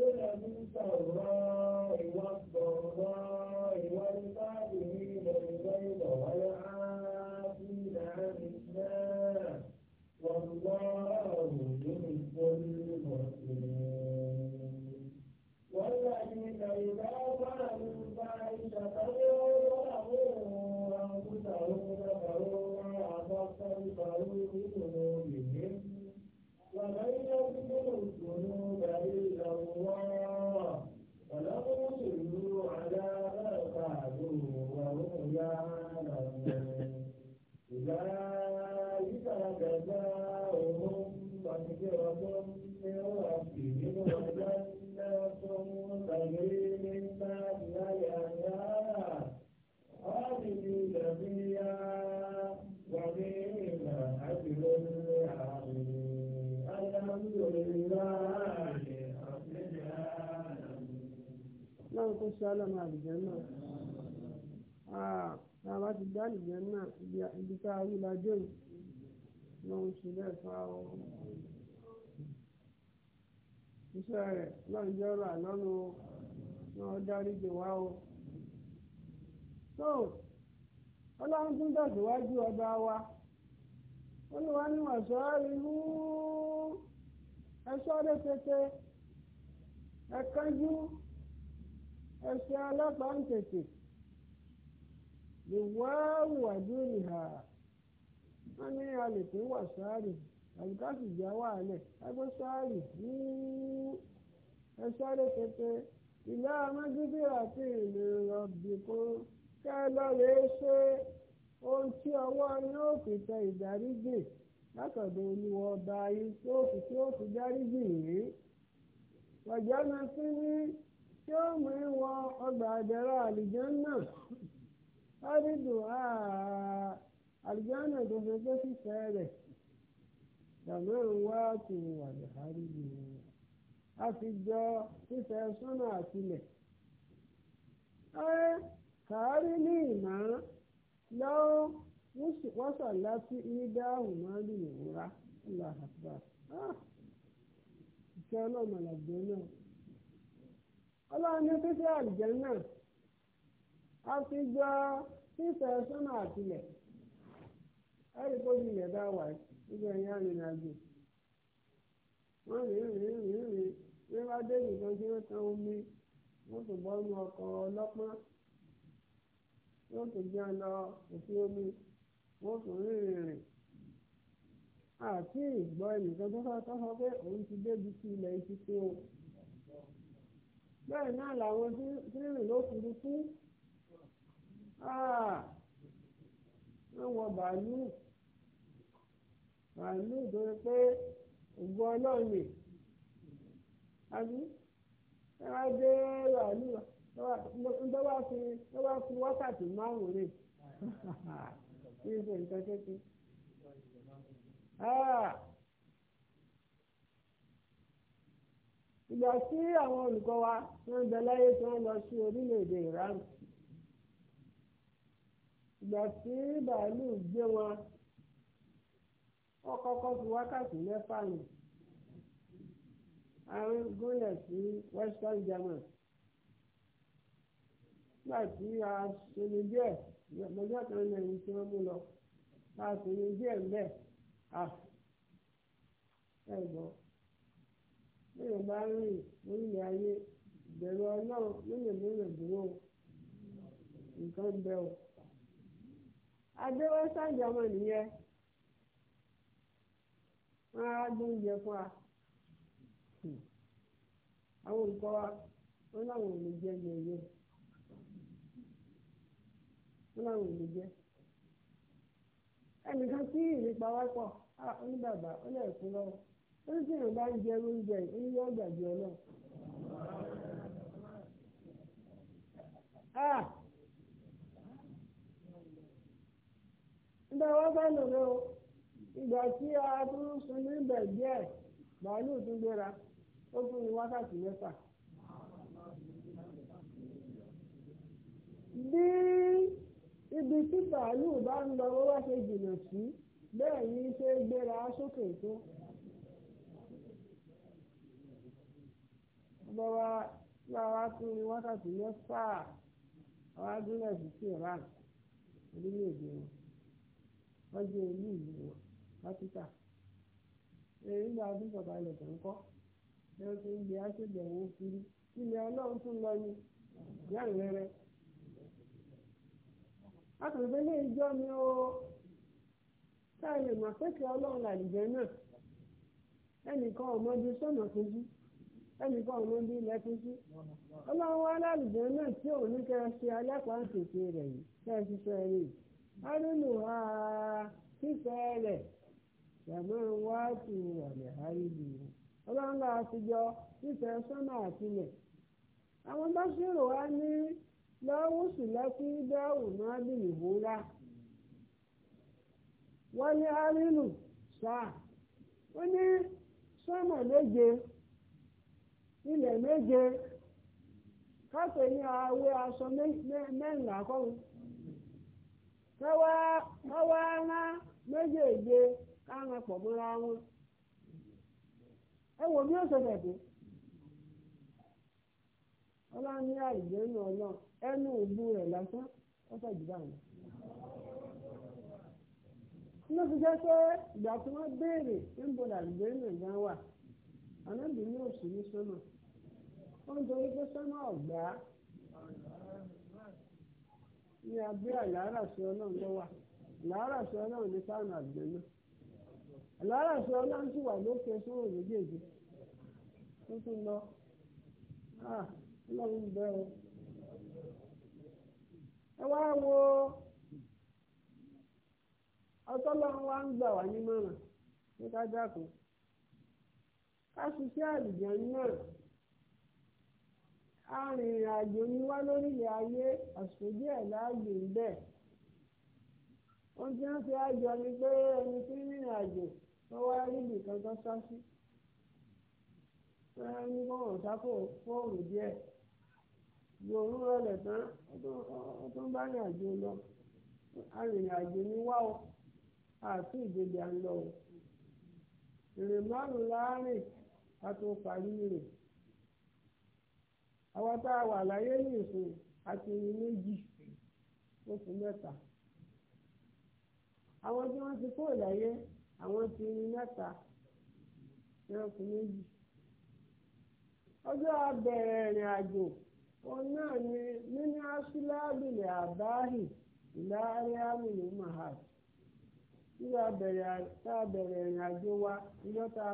ló lọ ní sọ̀rọ̀. àtúnṣe rẹ̀ lọ́n jẹ́ ọ̀rọ̀ àlọ́nu náà dárí jù wá o. tó ọlọ́run tún tẹ̀síwájú ọba wa ó ní àbùkátù ìjà wà lẹ̀ ẹgbẹ́ sọ́ọ̀rì ní ẹ̀sọ́rẹ́ pẹpẹ ìlà amájúdé àti ìlú rọ̀bì kan kẹ́ lọ́ọ̀rẹ́ ṣe ohun tí ọwọ́ yóò fi tẹ ìdáríjì látọ̀dọ̀ olúwa ọba ayé tí ó fi tí ó fi dáríjì yìí ọ̀jọ́nà sí ní tí ó mú ìwọ ọgbà àdẹ̀rọ àlìjánà ọ́rídùn àlìjánà tó fi gbé fífẹ́ rẹ̀. pẹ̀lú ìwáàtì ìwàdìhárí yìí a fi jọ fífẹ́ sọ́nà àtìlẹ̀. ẹ kàárí ní ìmọ̀ lọ́wọ́ wọ́sà láti ní dáhùn máa ń lè wúra ńlá àgbà. ìfẹ́ ọlọ́mọ làgbẹ́ náà. ọlọ́run náà a fi jọ ẹ nígbà yẹn nri àjò wọ́n rìn rìn rìn nri nri wá dé nìkan tí wọ́n tan omi wọ́n tó bọ́ nu ọkọ̀ ọlọ́pọ́n wọ́n omi wọ́n nri nri àti ìgbọ́ ẹnìkan tó tọ́sọ pé òun ti débi sí ilẹ̀ etí pé o bẹ́ẹ̀ náà làwọn tí rìn ló kúrú fún ah! wọ́n wọ bàálù. àánú ìdòwe pé ògbó ọlọ́run lè àbí ẹ wá dé ràánú ló wá fi ló wá fi wákàtí márùn rè kí n ṣe nǹkan kékeré. Ah! ìgbà tí àwọn olùkọ́ wa wọ́n bẹ láyé tí wọ́n lọ sí orílẹ̀-èdè Iran ìgbà tí bàálù gbé wọn wọ́n kọ́kọ́ fi wákàtí mẹ́fà nù àwọn gúnlẹ̀ sí western german nígbà tí a sinmi díẹ̀ lọ́jọ́ kan lẹ́yìn tí wọ́n mú lọ a sinmi díẹ̀ ńbẹ̀ à ẹ̀gbọ́n lóye bá rìn lórílẹ̀ ayé ìbẹ̀rù ọlọ́run lóye lóye dúró nǹkan bẹ́ẹ̀ o adé western german nìyẹn. wọ́n á gbé oúnjẹ fún wa hmm. àwọn olùkọ́ wa wọ́n ije ò lè jẹ yẹ̀yẹ́ wọ́n láwọn ò lè jẹ ẹnìkan tí ìrìpa wá pọ̀ oníbàbà ó lè kú lọ́wọ́ ìgbà tí a tún sun níbẹ̀ díẹ̀ bàálù tún gbéra ó fún ní wákàtí mẹ́fà. bí ibi tí bàálù bá ń lọ ó wá ṣe jìnnà sí bẹ́ẹ̀ ni ṣe gbéra sókè tó. bọ́wá wákàtí mẹ́fà àwọn sí dókítà èyí nígbà ọdún sọ̀kalẹ̀ tó ń kọ́ ẹ ṣe ń gbé aṣèjẹ̀ wo kiri ilẹ̀ ọlọ́run tún lọ ni ìyá ìrẹ́rẹ́ akọ̀lẹ́fẹ́ ní ìjọ ni ó táà lè mà pẹ́kẹ́ ọlọ́run làlùjẹ́ náà ẹnìkan kejì ẹnìkan kejì ọlọ́run wá náà tí òun ní kẹ́ ẹ ṣe tètè rẹ̀ yìí kẹ́ ẹ ṣiṣẹ́ rẹ̀ yìí yàmọ́ wá tù wàlẹ̀ àìlù ọlọ́run la fi yọ nífẹ̀ẹ́ sọ́nà àtìlẹ̀ àwọn bá ṣèrò wá ní lọ́wọ́ sì lọ́kí bẹ́ẹ̀wù náà bì nìbúra wọ́n ní àìlù sáà ó ní sọ́nà méje ilẹ̀ méje kápẹ́ ní àwẹ̀ aṣọ mẹ́rin àkọ́run káwá rán méjèèje. ka pọ̀gbọ́nra wọn ẹ e bí ó ṣe bẹ̀dẹ̀ ọlọ́ni àìjẹ́ náà náà ẹnu òbu rẹ̀ lásán ó fẹ́ jùlọ àwọn. inú fi jẹ́ pé ìgbà tí wọ́n béèrè níbo làlùjẹ́ náà gan wà lọ́rọ̀ sọ ọlọ́run wà lókè sóhùn méjèèjì tó tún lọ ah, ọlọ́run bẹ́ ọ. ẹ wá wo ọtọ́lọ́run wá ń gbà wá ní ká ká ṣiṣẹ́ àlùjọ náà arìnrìnàjò ni wá lórílẹ̀ ayé àṣojú ẹ̀ láàyè ń bẹ̀. wọ́n wá rí nìkan tó sá sí wọ́n á ní bọ́ọ̀rùn fóònù díẹ̀ rọlẹ̀ tán ó tó bá rìn àjò lọ arìnrìnàjò ní wá o àti à ń lọ o èrè márùn láàrin ká tó parí rè àwa tá a wà láyé àwọn ti rin mẹ́ta ẹranko méjì ọjọ́ abẹ̀rẹ̀ ìrìn àjò òun náà ni nínú asúlábìlẹ̀ àbáhì ìlàárín àmìlú mahad nígbà tá a bẹ̀rẹ̀ ìrìn àjò wa ìjọ tá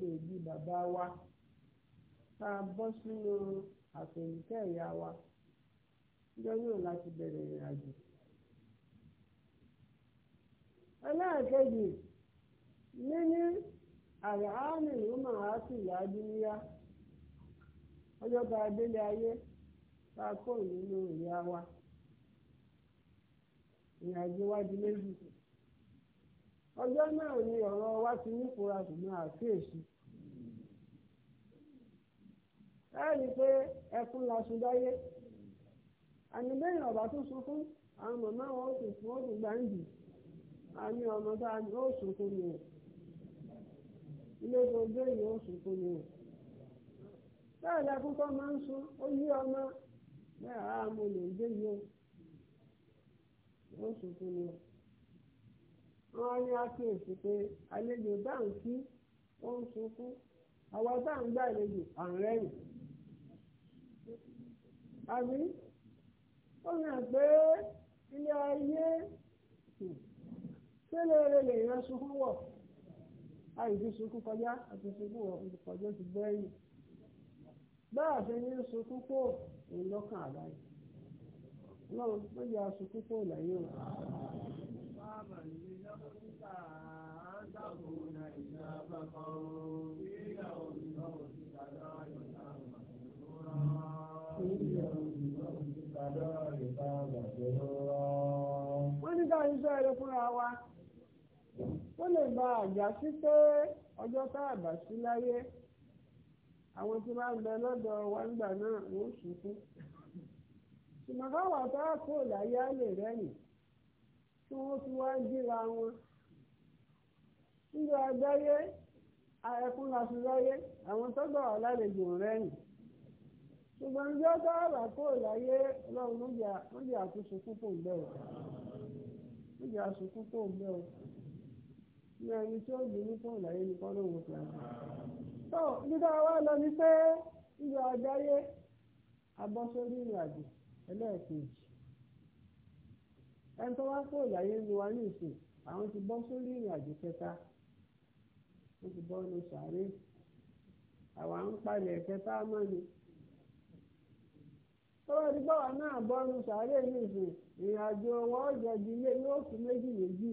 bíi bàbá wa tá a bọ́ sínú ìyá wa ìjọ láti bẹ̀rẹ̀ ìrìn àjò. níní àlàáàmì rúmọ̀ àásù yájúmíyá ọjọ́ bá délé ayé bá kó nínú ìyá wa ìrìnàjò wa di méjì ọjọ́ náà ni ọ̀rọ̀ wa ti nífura ṣùgbọ́n àfíèsí ẹ pé ẹkún la sùn dáyé àmì ọ̀bà tó sunkún àwọn màmá wọn ó sì fún ó sì àmì ọmọ tá a ní ó sunkún ilé gbogbo èèyàn oṣù tó ní o bẹ́ẹ̀ la púpọ̀ máa ń sún ó yí ọmọ bẹ́ẹ̀ á ah, mo lè gbé o oṣù tó ní wọ́n ní àkíyèsí pé àlejò bá ń kí ó ń sunkún àwa bá ń gbàlejò à ń rẹ́yìn àbí ó àìsí sunkún kọjá àti sunkún olùkọjọ́ ti gbẹ́yìn báà ṣe ní sunkún pò ìlọ́kàn àbáyé lọ́wọ́ ló yà sunkún pò láyé o. wọ́n ní ká iṣẹ́ rẹ fúnra wa. ó lè ba àjà sí pé ọjọ́ tá a bá sí láyé àwọn tí máa ń bẹ lọ́dọ̀ wa nígbà náà ló sunkún ṣùgbọ́n káwọn tá a láyé á lè rẹ́yìn tí wọ́n fi wá ń jíra wọn nígbà àgbáyé ẹkún la fi láyé a láyé ń bẹ̀rẹ̀ ní ẹni tí ó gbé ní fún ìlàyé nìkan lóhun ti tó nígbà wa lọ ní pé ìyá ọjọ́yé abọ́sórí ìrìnàjò ẹlẹ́ẹ̀kejì ẹni tó wá ìlàyé ní wa ní ìsìn àwọn ti bọ́ sórí ìrìnàjò kẹta wọ́n ti bọ́ sàárè àwa ń palẹ̀ kẹta tọ́wọ́ ti wa náà bọ́ sàárè ní ìsìn ìrìnàjò méjì méjì.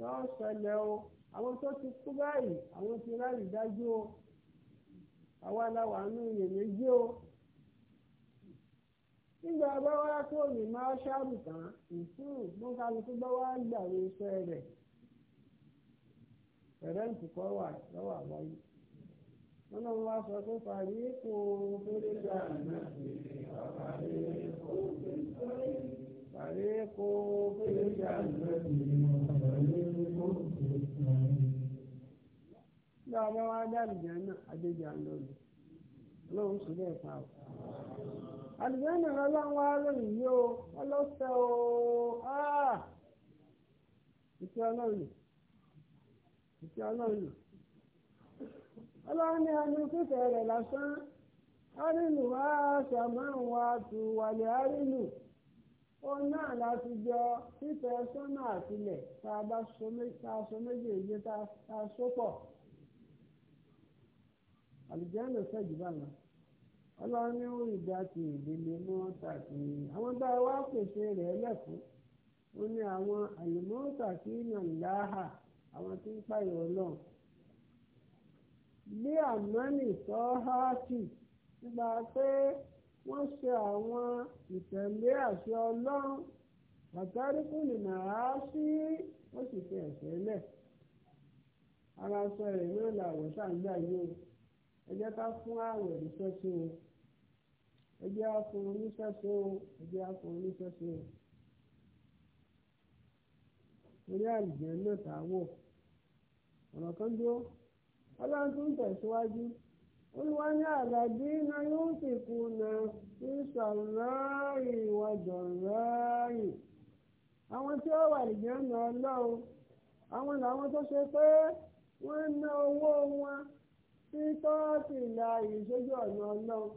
yóò ṣẹlẹ̀ o àwọn tó ti kú báyìí àwọn ti ráàyè dájú o àwa làwà nù iyèméjì o nígbà bá tó ní máa ṣáàbù tán ìfún bó kálukú bá wá gbàwé iṣẹ́ rẹ̀ pẹ̀rẹ́ǹtì kọ́ wà lọ́wọ́ àbáyé wọn náà wá sọ pé fàrí kò fèrè gbà fàrí kò gbà. bí ọba wa dàlùjẹ́ náà adéjà lónìí ọlọ́run sì bẹ́ẹ̀ pa ọ́. àlùjẹ́ náà ọlọ́run wá lónìí yìí o ọlọ́sẹ̀ o ah! ìfẹ́ ọlọ́run ìfẹ́ ọlọ́run ọlọ́run ní ẹni fífẹ́ rẹ̀ lásán arínú wá ṣàmáwá tù wàlẹ̀ arínú. o náà la jọ fífẹ́ sọ́nà a bá so méjèèjì tá a so pọ̀ àlùjáde bá lọ ọlọ́run ní ìdá ti ìdílé mọ́tà ti àwọn bá wa pèsè rẹ̀ lẹ́kùn ó ní àwọn àlùmọ́tà tí yàn láhà àwọn tí ń pààyàn ọlọ́run bí wọ́n ṣe àwọn ìtẹ̀lé àṣẹ ọlọ́run àtàríkù nìyà á sí wọ́n sì fi ẹ̀sẹ̀ lẹ̀ ara sọ rẹ̀ yóò là wọ̀ sáǹgbà yìí o ẹ jẹ́ ká fún ààwẹ̀ níṣẹ́ sí o ẹ jẹ́ á fún oníṣẹ́ sí o ẹ jẹ́ á fún oníṣẹ́ sí o orí àlùjẹ́ náà tá a wò ọ̀rọ̀ kan dúró ọlọ́run tó ń tẹ̀síwájú olúwa ní àgbàdí iná yóò sì kùnà ní sàráàyè ìwàjọ ráàyè àwọn tí ó wà ìjọ́nà ọlọ́run àwọn làwọn tó ṣe pé wọ́n ná owó wọn sí tọ́ọ̀tì ìlà ìṣojú ọ̀nà ọlọ́run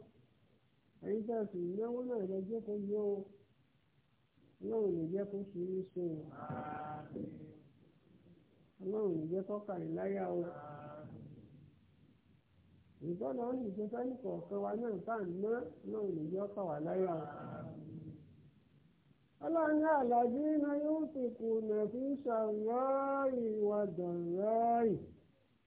ẹ̀yin tẹ̀ sì náwó náà lọ jẹ́ kó yó o ọlọ́run lè jẹ́ kó fi í ṣe o ọlọ́run lè jẹ́ kó kàrí láyà o ìgbọ́dọ̀ ń dìde sẹ́ni kọ̀ọ̀kan wa náà tá à ń ná náà nìyí ọkọ̀ wà láyà. ọlọ́run àlàjì iná yóò ti kùnà fi ṣàwárì ìwà dọ̀rọ̀rì.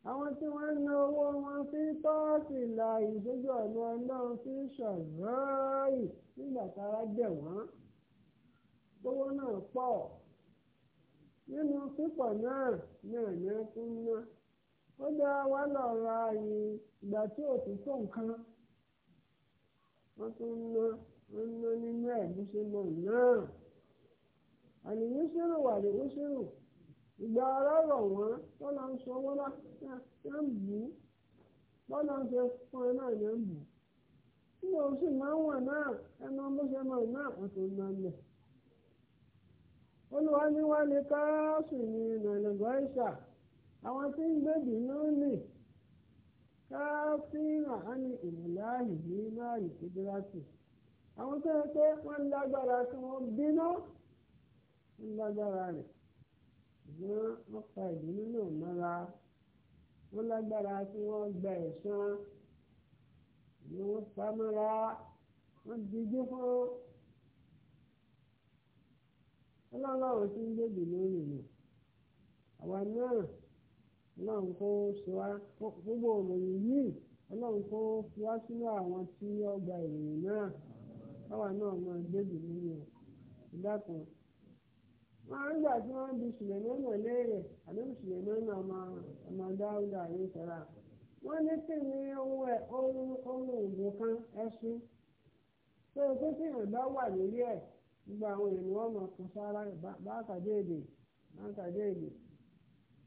àwọn tí wọ́n ń ná owó wọn fi tọ́ọ̀sì la ìdójú ọ̀nà ọlọ́run fi ṣàwárì nígbà tára jẹ̀ wọ́n. owó náà pọ̀ nínú pípọ̀ náà ní ẹ̀mí ẹkún náà. ó dára wá lọ ra ìgbà tí ò tó nǹkan wọ́n tún ná wọ́n ná nínú bó ṣe náà àlùyí ṣírò wà lóyún ṣírò ìgbà ara rọ̀ wọ́n tọ́lá ń sọ wọ́n náà ń bù ú bọ́lá ń ṣe fún ẹ náà ń bù ú sì ní ìrìnàlẹ̀ àwọn tí ń gbèbí náà nì káfíńà á ní ìmùláàyè ní máàyè ìdírásì àwọn tó yẹ pé wọ́n lágbára kí wọ́n bínú ń lágbára rẹ̀ ṣùgbọ́n wọ́n pa ìbínú náà mọ́ra wọ́n lágbára kí wọ́n gba ẹ̀san ni wọ́n pa mọ́ra wọ́n dijú fún ọlọ́run tí ń gbèbí lórí mi àwa náà. ọlọ́run kó ṣe wá gbogbo ìròyìn yìí ọlọ́run kó fi wá sínú àwọn tí ó gba ìròyìn náà káwa náà máa nínú kan. wọ́n ń gbà tí wọ́n di sùlẹ̀mọ́nà léèrè àbí sùlẹ̀mọ́nà ọmọ dáúdà wọ́n ní kí ni ohun kan ẹṣin o wà lórí ẹ̀ gbogbo àwọn ènìyàn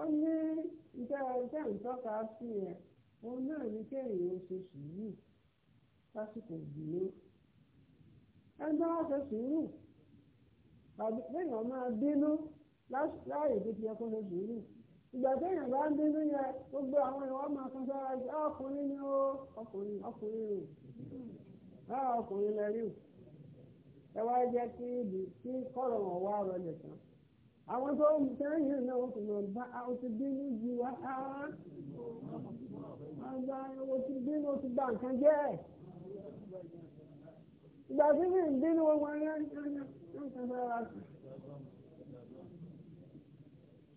ó nke ìjà ìjà ìtọ́ka sí ẹ̀ òun náà ní kéèyàn ó ṣe sùúrù lásìkò ìdílé ẹgbẹ́ wá ṣe sùúrù tàbí ṣe bá ń bínú yẹ gbogbo àwọn ìwà máa kan sára ọkùnrin ni ó ọkùnrin ọkùnrin rò ọkùnrin ẹ wá kí wọn wá tán. àwọn tó ń tẹ́yìn náà kò lọ bá ó ti bínú ju wá rárá àgbà ó ti bínú ó ti gba nǹkan jẹ́ ìgbà tí mi ń bínú wọn yẹn nǹkan rárá sí.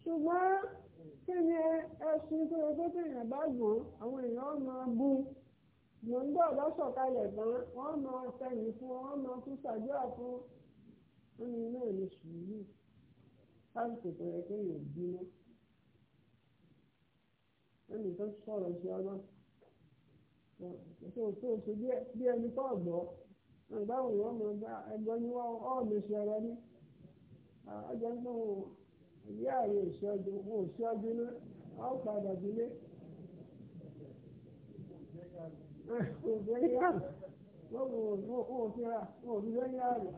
ṣùgbọ́n kí ni ẹṣin tó yẹ kó tẹ̀yìn bá gbọ́n àwọn èèyàn máa bú gbòǹgbò bá sọ̀kalẹ̀ gan wọ́n máa fẹ̀yìn fún wọ́n máa tún ṣàdúrà fún wọn ni náà ní sùúrù. ha tó yẹ kéèyàn bínú ẹnì tó sọ̀rọ̀ sí ọlọ́ tó tó ṣe bí ẹni tó gbọ́ báwo ni wọ́n máa bá ẹgbẹ́ ni wọ́n ọ̀mì sí ọ̀rọ̀ ní ọjọ́ ń ìyá wọn ò ní padà wọ́n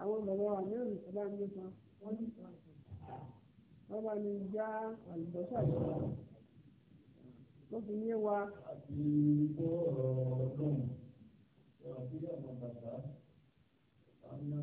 àwọn bàbá wa ní òrùn tó bá ń nípa wọ́n bá ní já àlùbọ́sà ìjọba tó fi yé wa. àti ọ̀rọ̀ ọdún ọ̀rọ̀ tí yóò mọ bàbá àwọn náà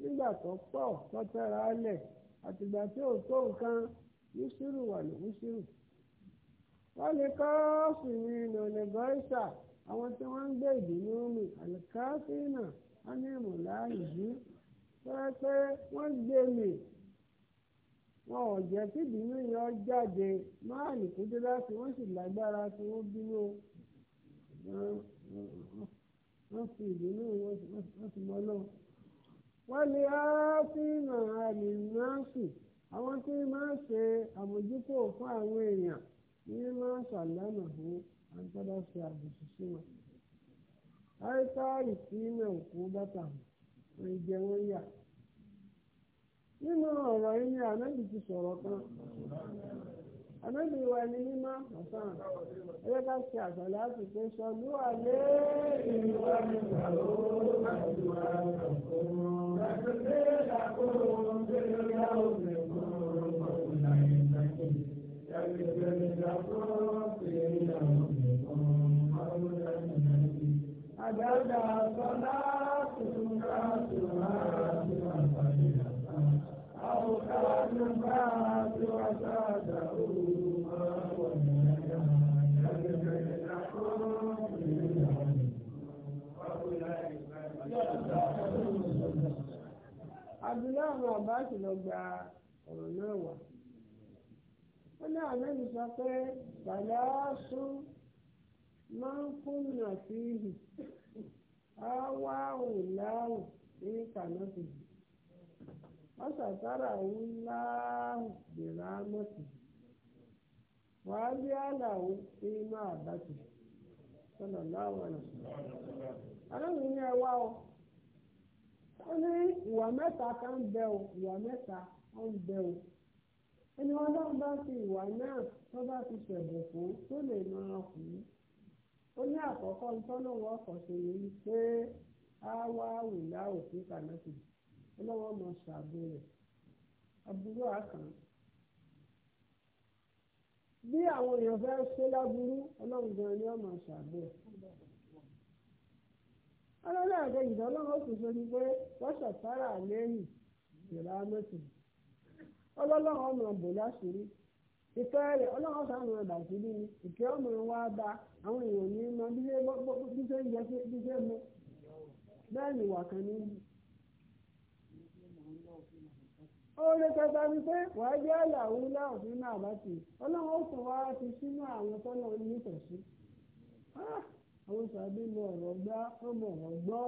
nígbà tó pọ̀ tọ́tẹ́ra lẹ̀ àtìgbà tí ò tó nǹkan yusuru wà ní yusuru. wọ́n lè káàsì ní àwọn tí wọ́n ń gbé ìdùnnú mi náà á ní ìmọ̀lá ìdí pẹ́ẹ́pẹ́ wọ́n gbé mi wọn ò jẹ́ kí ìbínú yẹn jáde máa nìkúndé láti wọ́n sì lágbára tí wọ́n bínú wọ́n fi ìbínú wọn sì mọ́ lọ́wọ́. wálé áfínà àlìmáàsì àwọn tí máa ń ṣe àmójútó fún àwọn èèyàn ní máa ń ṣàlànà fún àǹtọ́dá ṣe àbùkù sí wọn. áìtáàrì tí iná òkú bàtà wọn jẹ wọn yà. nínú ọ̀rọ̀ yìí ni ànábì ti sọ̀rọ̀ kan. àbẹ́bí ìwà ẹni mímọ́ ọ̀sán ẹgbẹ́ ká ṣe àgbàlá ti pé sọlú àlẹ́ ìwà nígbà ó láti wà lọ́kùnrin láti pé àkóró ṣe yá òbí kúrò ọ̀gbìn àyíká yìí láti pé àkóró ṣe yá òbí kúrò ọ̀gbìn àyíká yìí. àdáda sọlá tuntun ká tó máa. الناس وزاده ما Abdullahi Abbas lọ gba ọ̀rọ̀ náà wá. Ó ní àlẹ́yìn sọ pé bàlá sún máa ń kùnà sí ìhì. Á wá òun láwùn ní kànáfìsì. ọsatara iwu nla ahụ dị n'amụsị wee bịa na ime abati aláwọ̀ o bá fi ìwà náà tó bá fi ṣẹ̀bẹ̀ fún tó lè máa kú ó ní àkọ́kọ́ ntọ́lọ́wọ́ ọkọ̀ ṣe ní pé á wá wùlá òfin ọlọ́wọ́ mọ̀ ṣàbò rẹ̀ aburú àkàn. bí àwọn èèyàn fẹ́ ṣe láburú ọlọ́run gan ni ọmọ ṣàbò ẹ̀. ọlọ́lá àgbẹ̀ ìdán ọlọ́run kò sọ ní pé wọ́n ọlọ́run ọ̀dà sí ìfẹ́ ọmọ wa bá àwọn èèyàn ní bí ṣe ń yẹ bí ṣe bẹ́ẹ̀ ni wà oore kẹta ni pé wàá jẹ́ àlàó láwọn ní máa bá ti ọlọ́run ó sọ wá ti sínú àwọn tọ́lọ́ nífẹ̀ẹ́ sí ah! àwọn sàbí mọ ọ̀rọ̀ gbá ó mọ ọ̀rọ̀ gbọ́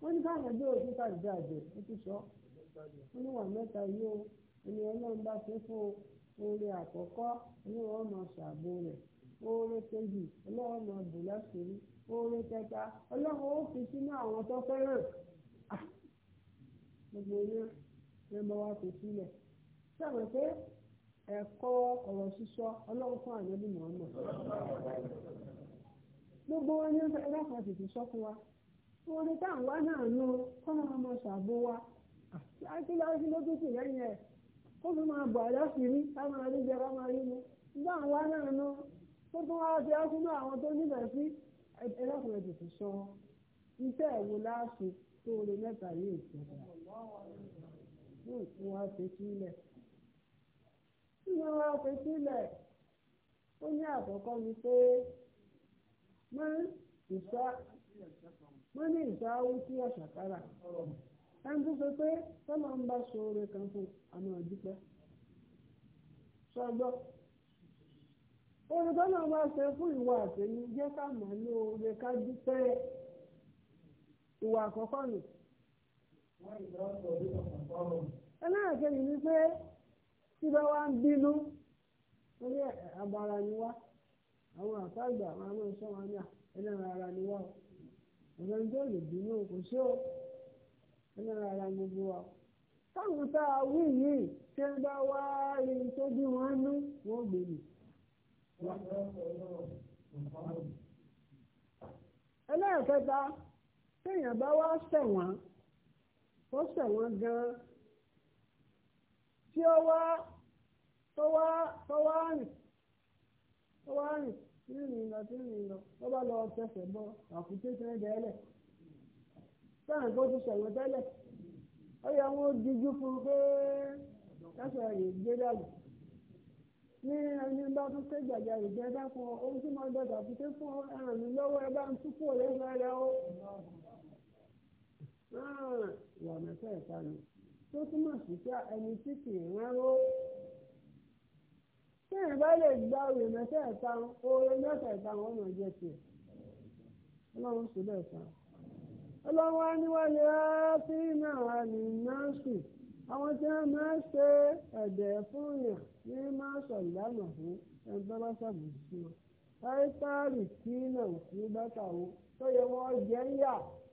wọ́n ní káwọn ẹgbẹ́ òfin kàdìdá àjẹ́ ó ti sọ wọ́n ní wà mẹ́ta yìí o ẹni ọlọ́run bá ṣe fún oore àkọ́kọ́ ní wọ́n mọ ṣàbò rẹ̀ oore kejì ọlọ́run mọ bù láṣìírí oore kẹta ọlọ́run ó fi sínú àwọn tó fẹ́ràn ah! gbogbo yẹn. ní ọmọ wa kò sílẹ̀ sọ̀rọ̀ pé ẹ̀kọ́ ọ̀rọ̀ sísọ ọlọ́run fún mọ̀ọ́mọ̀ gbogbo wọn ní ẹlẹ́kọ̀ọ́ sì ti sọ fún wa wọn ni táwọn wá náà nú ọmọ ṣàbó wa láti lẹ́yìn ẹ̀ kó fi máa bọ̀ ká máa rí jẹ ká máa rí mu wá náà tó tún wá yóò tún wá fetí lẹ̀ tí wọ́n wá fetí lẹ̀ ó ní àkọ́kọ́ ni pé wọ́n ní ìsáwó sí ọ̀ṣàkárà ẹni tó pé sọ́mọ ń bá kan fún náà bá ṣe fún ìwà àtẹ̀yìn jẹ́ ká mọ̀ ní oore ká dúpẹ́ ìwà ẹlẹ́ẹ̀kejì ni pé tí bá wá ń bínú lórí abara ni wá àwọn àfáàgbà àwọn àwọn ìṣọ́ wọn ní ẹlẹ́ran ara ni wá o ọ̀nà ìjọ lè bínú kò ṣe o ẹlẹ́ran ara gbogbo wa o. táwọn tá a wí yìí tí wọ́n bá wá rí i tó bí wọ́n nú wọ́n gbé mi. ẹlẹ́ẹ̀kẹta téèyàn bá wá ṣẹ̀wọ̀n ó ṣẹ̀ wọ́n gan-an tí ó wá tó wá tó wá rìn tó wá rìn tí rìn lọ tí rìn lọ tó bá lọ fẹsẹ̀ bọ àkùtì tí wọ́n dẹ́lẹ̀ sáà tó ti ṣẹ̀wọ̀n tẹ́lẹ̀ ó yẹ wọn díjú fún un pé kásẹ̀ rè gbé dàgbà ní ẹni bá tún ṣe gbàgbà ìjẹ́ dákun ohun tí mo gbọ́dọ̀ àkùtì fún ẹ̀ràn mi lọ́wọ́ ẹ bá ń túkú òlẹ́sẹ̀ rẹ o. Ah, ìwà mẹ́tẹ̀ẹ̀ta ni tó túmọ̀ sí pé ẹni tí kì í rárá tí ì bá lè gba òye mẹ́tẹ̀ẹ̀ta oore mẹ́tẹ̀ẹ̀ta wọn mọ̀ jẹ́ tiẹ̀ ọlọ́run sì bẹ́ẹ̀ ọlọ́run wá níwájú ẹ́ẹ́fì náà ní nọ́ọ̀sì àwọn tí wọ́n máa ń ṣe ẹ̀dẹ̀ fún yàn ní máa sọ̀lánà fún ẹgbẹ́ bá ṣàbùsí wọn táìtààrì kí náà kú bá tàwọn tó yẹ wọ́n jẹ́ yà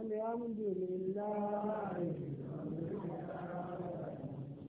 Alhamdulillah.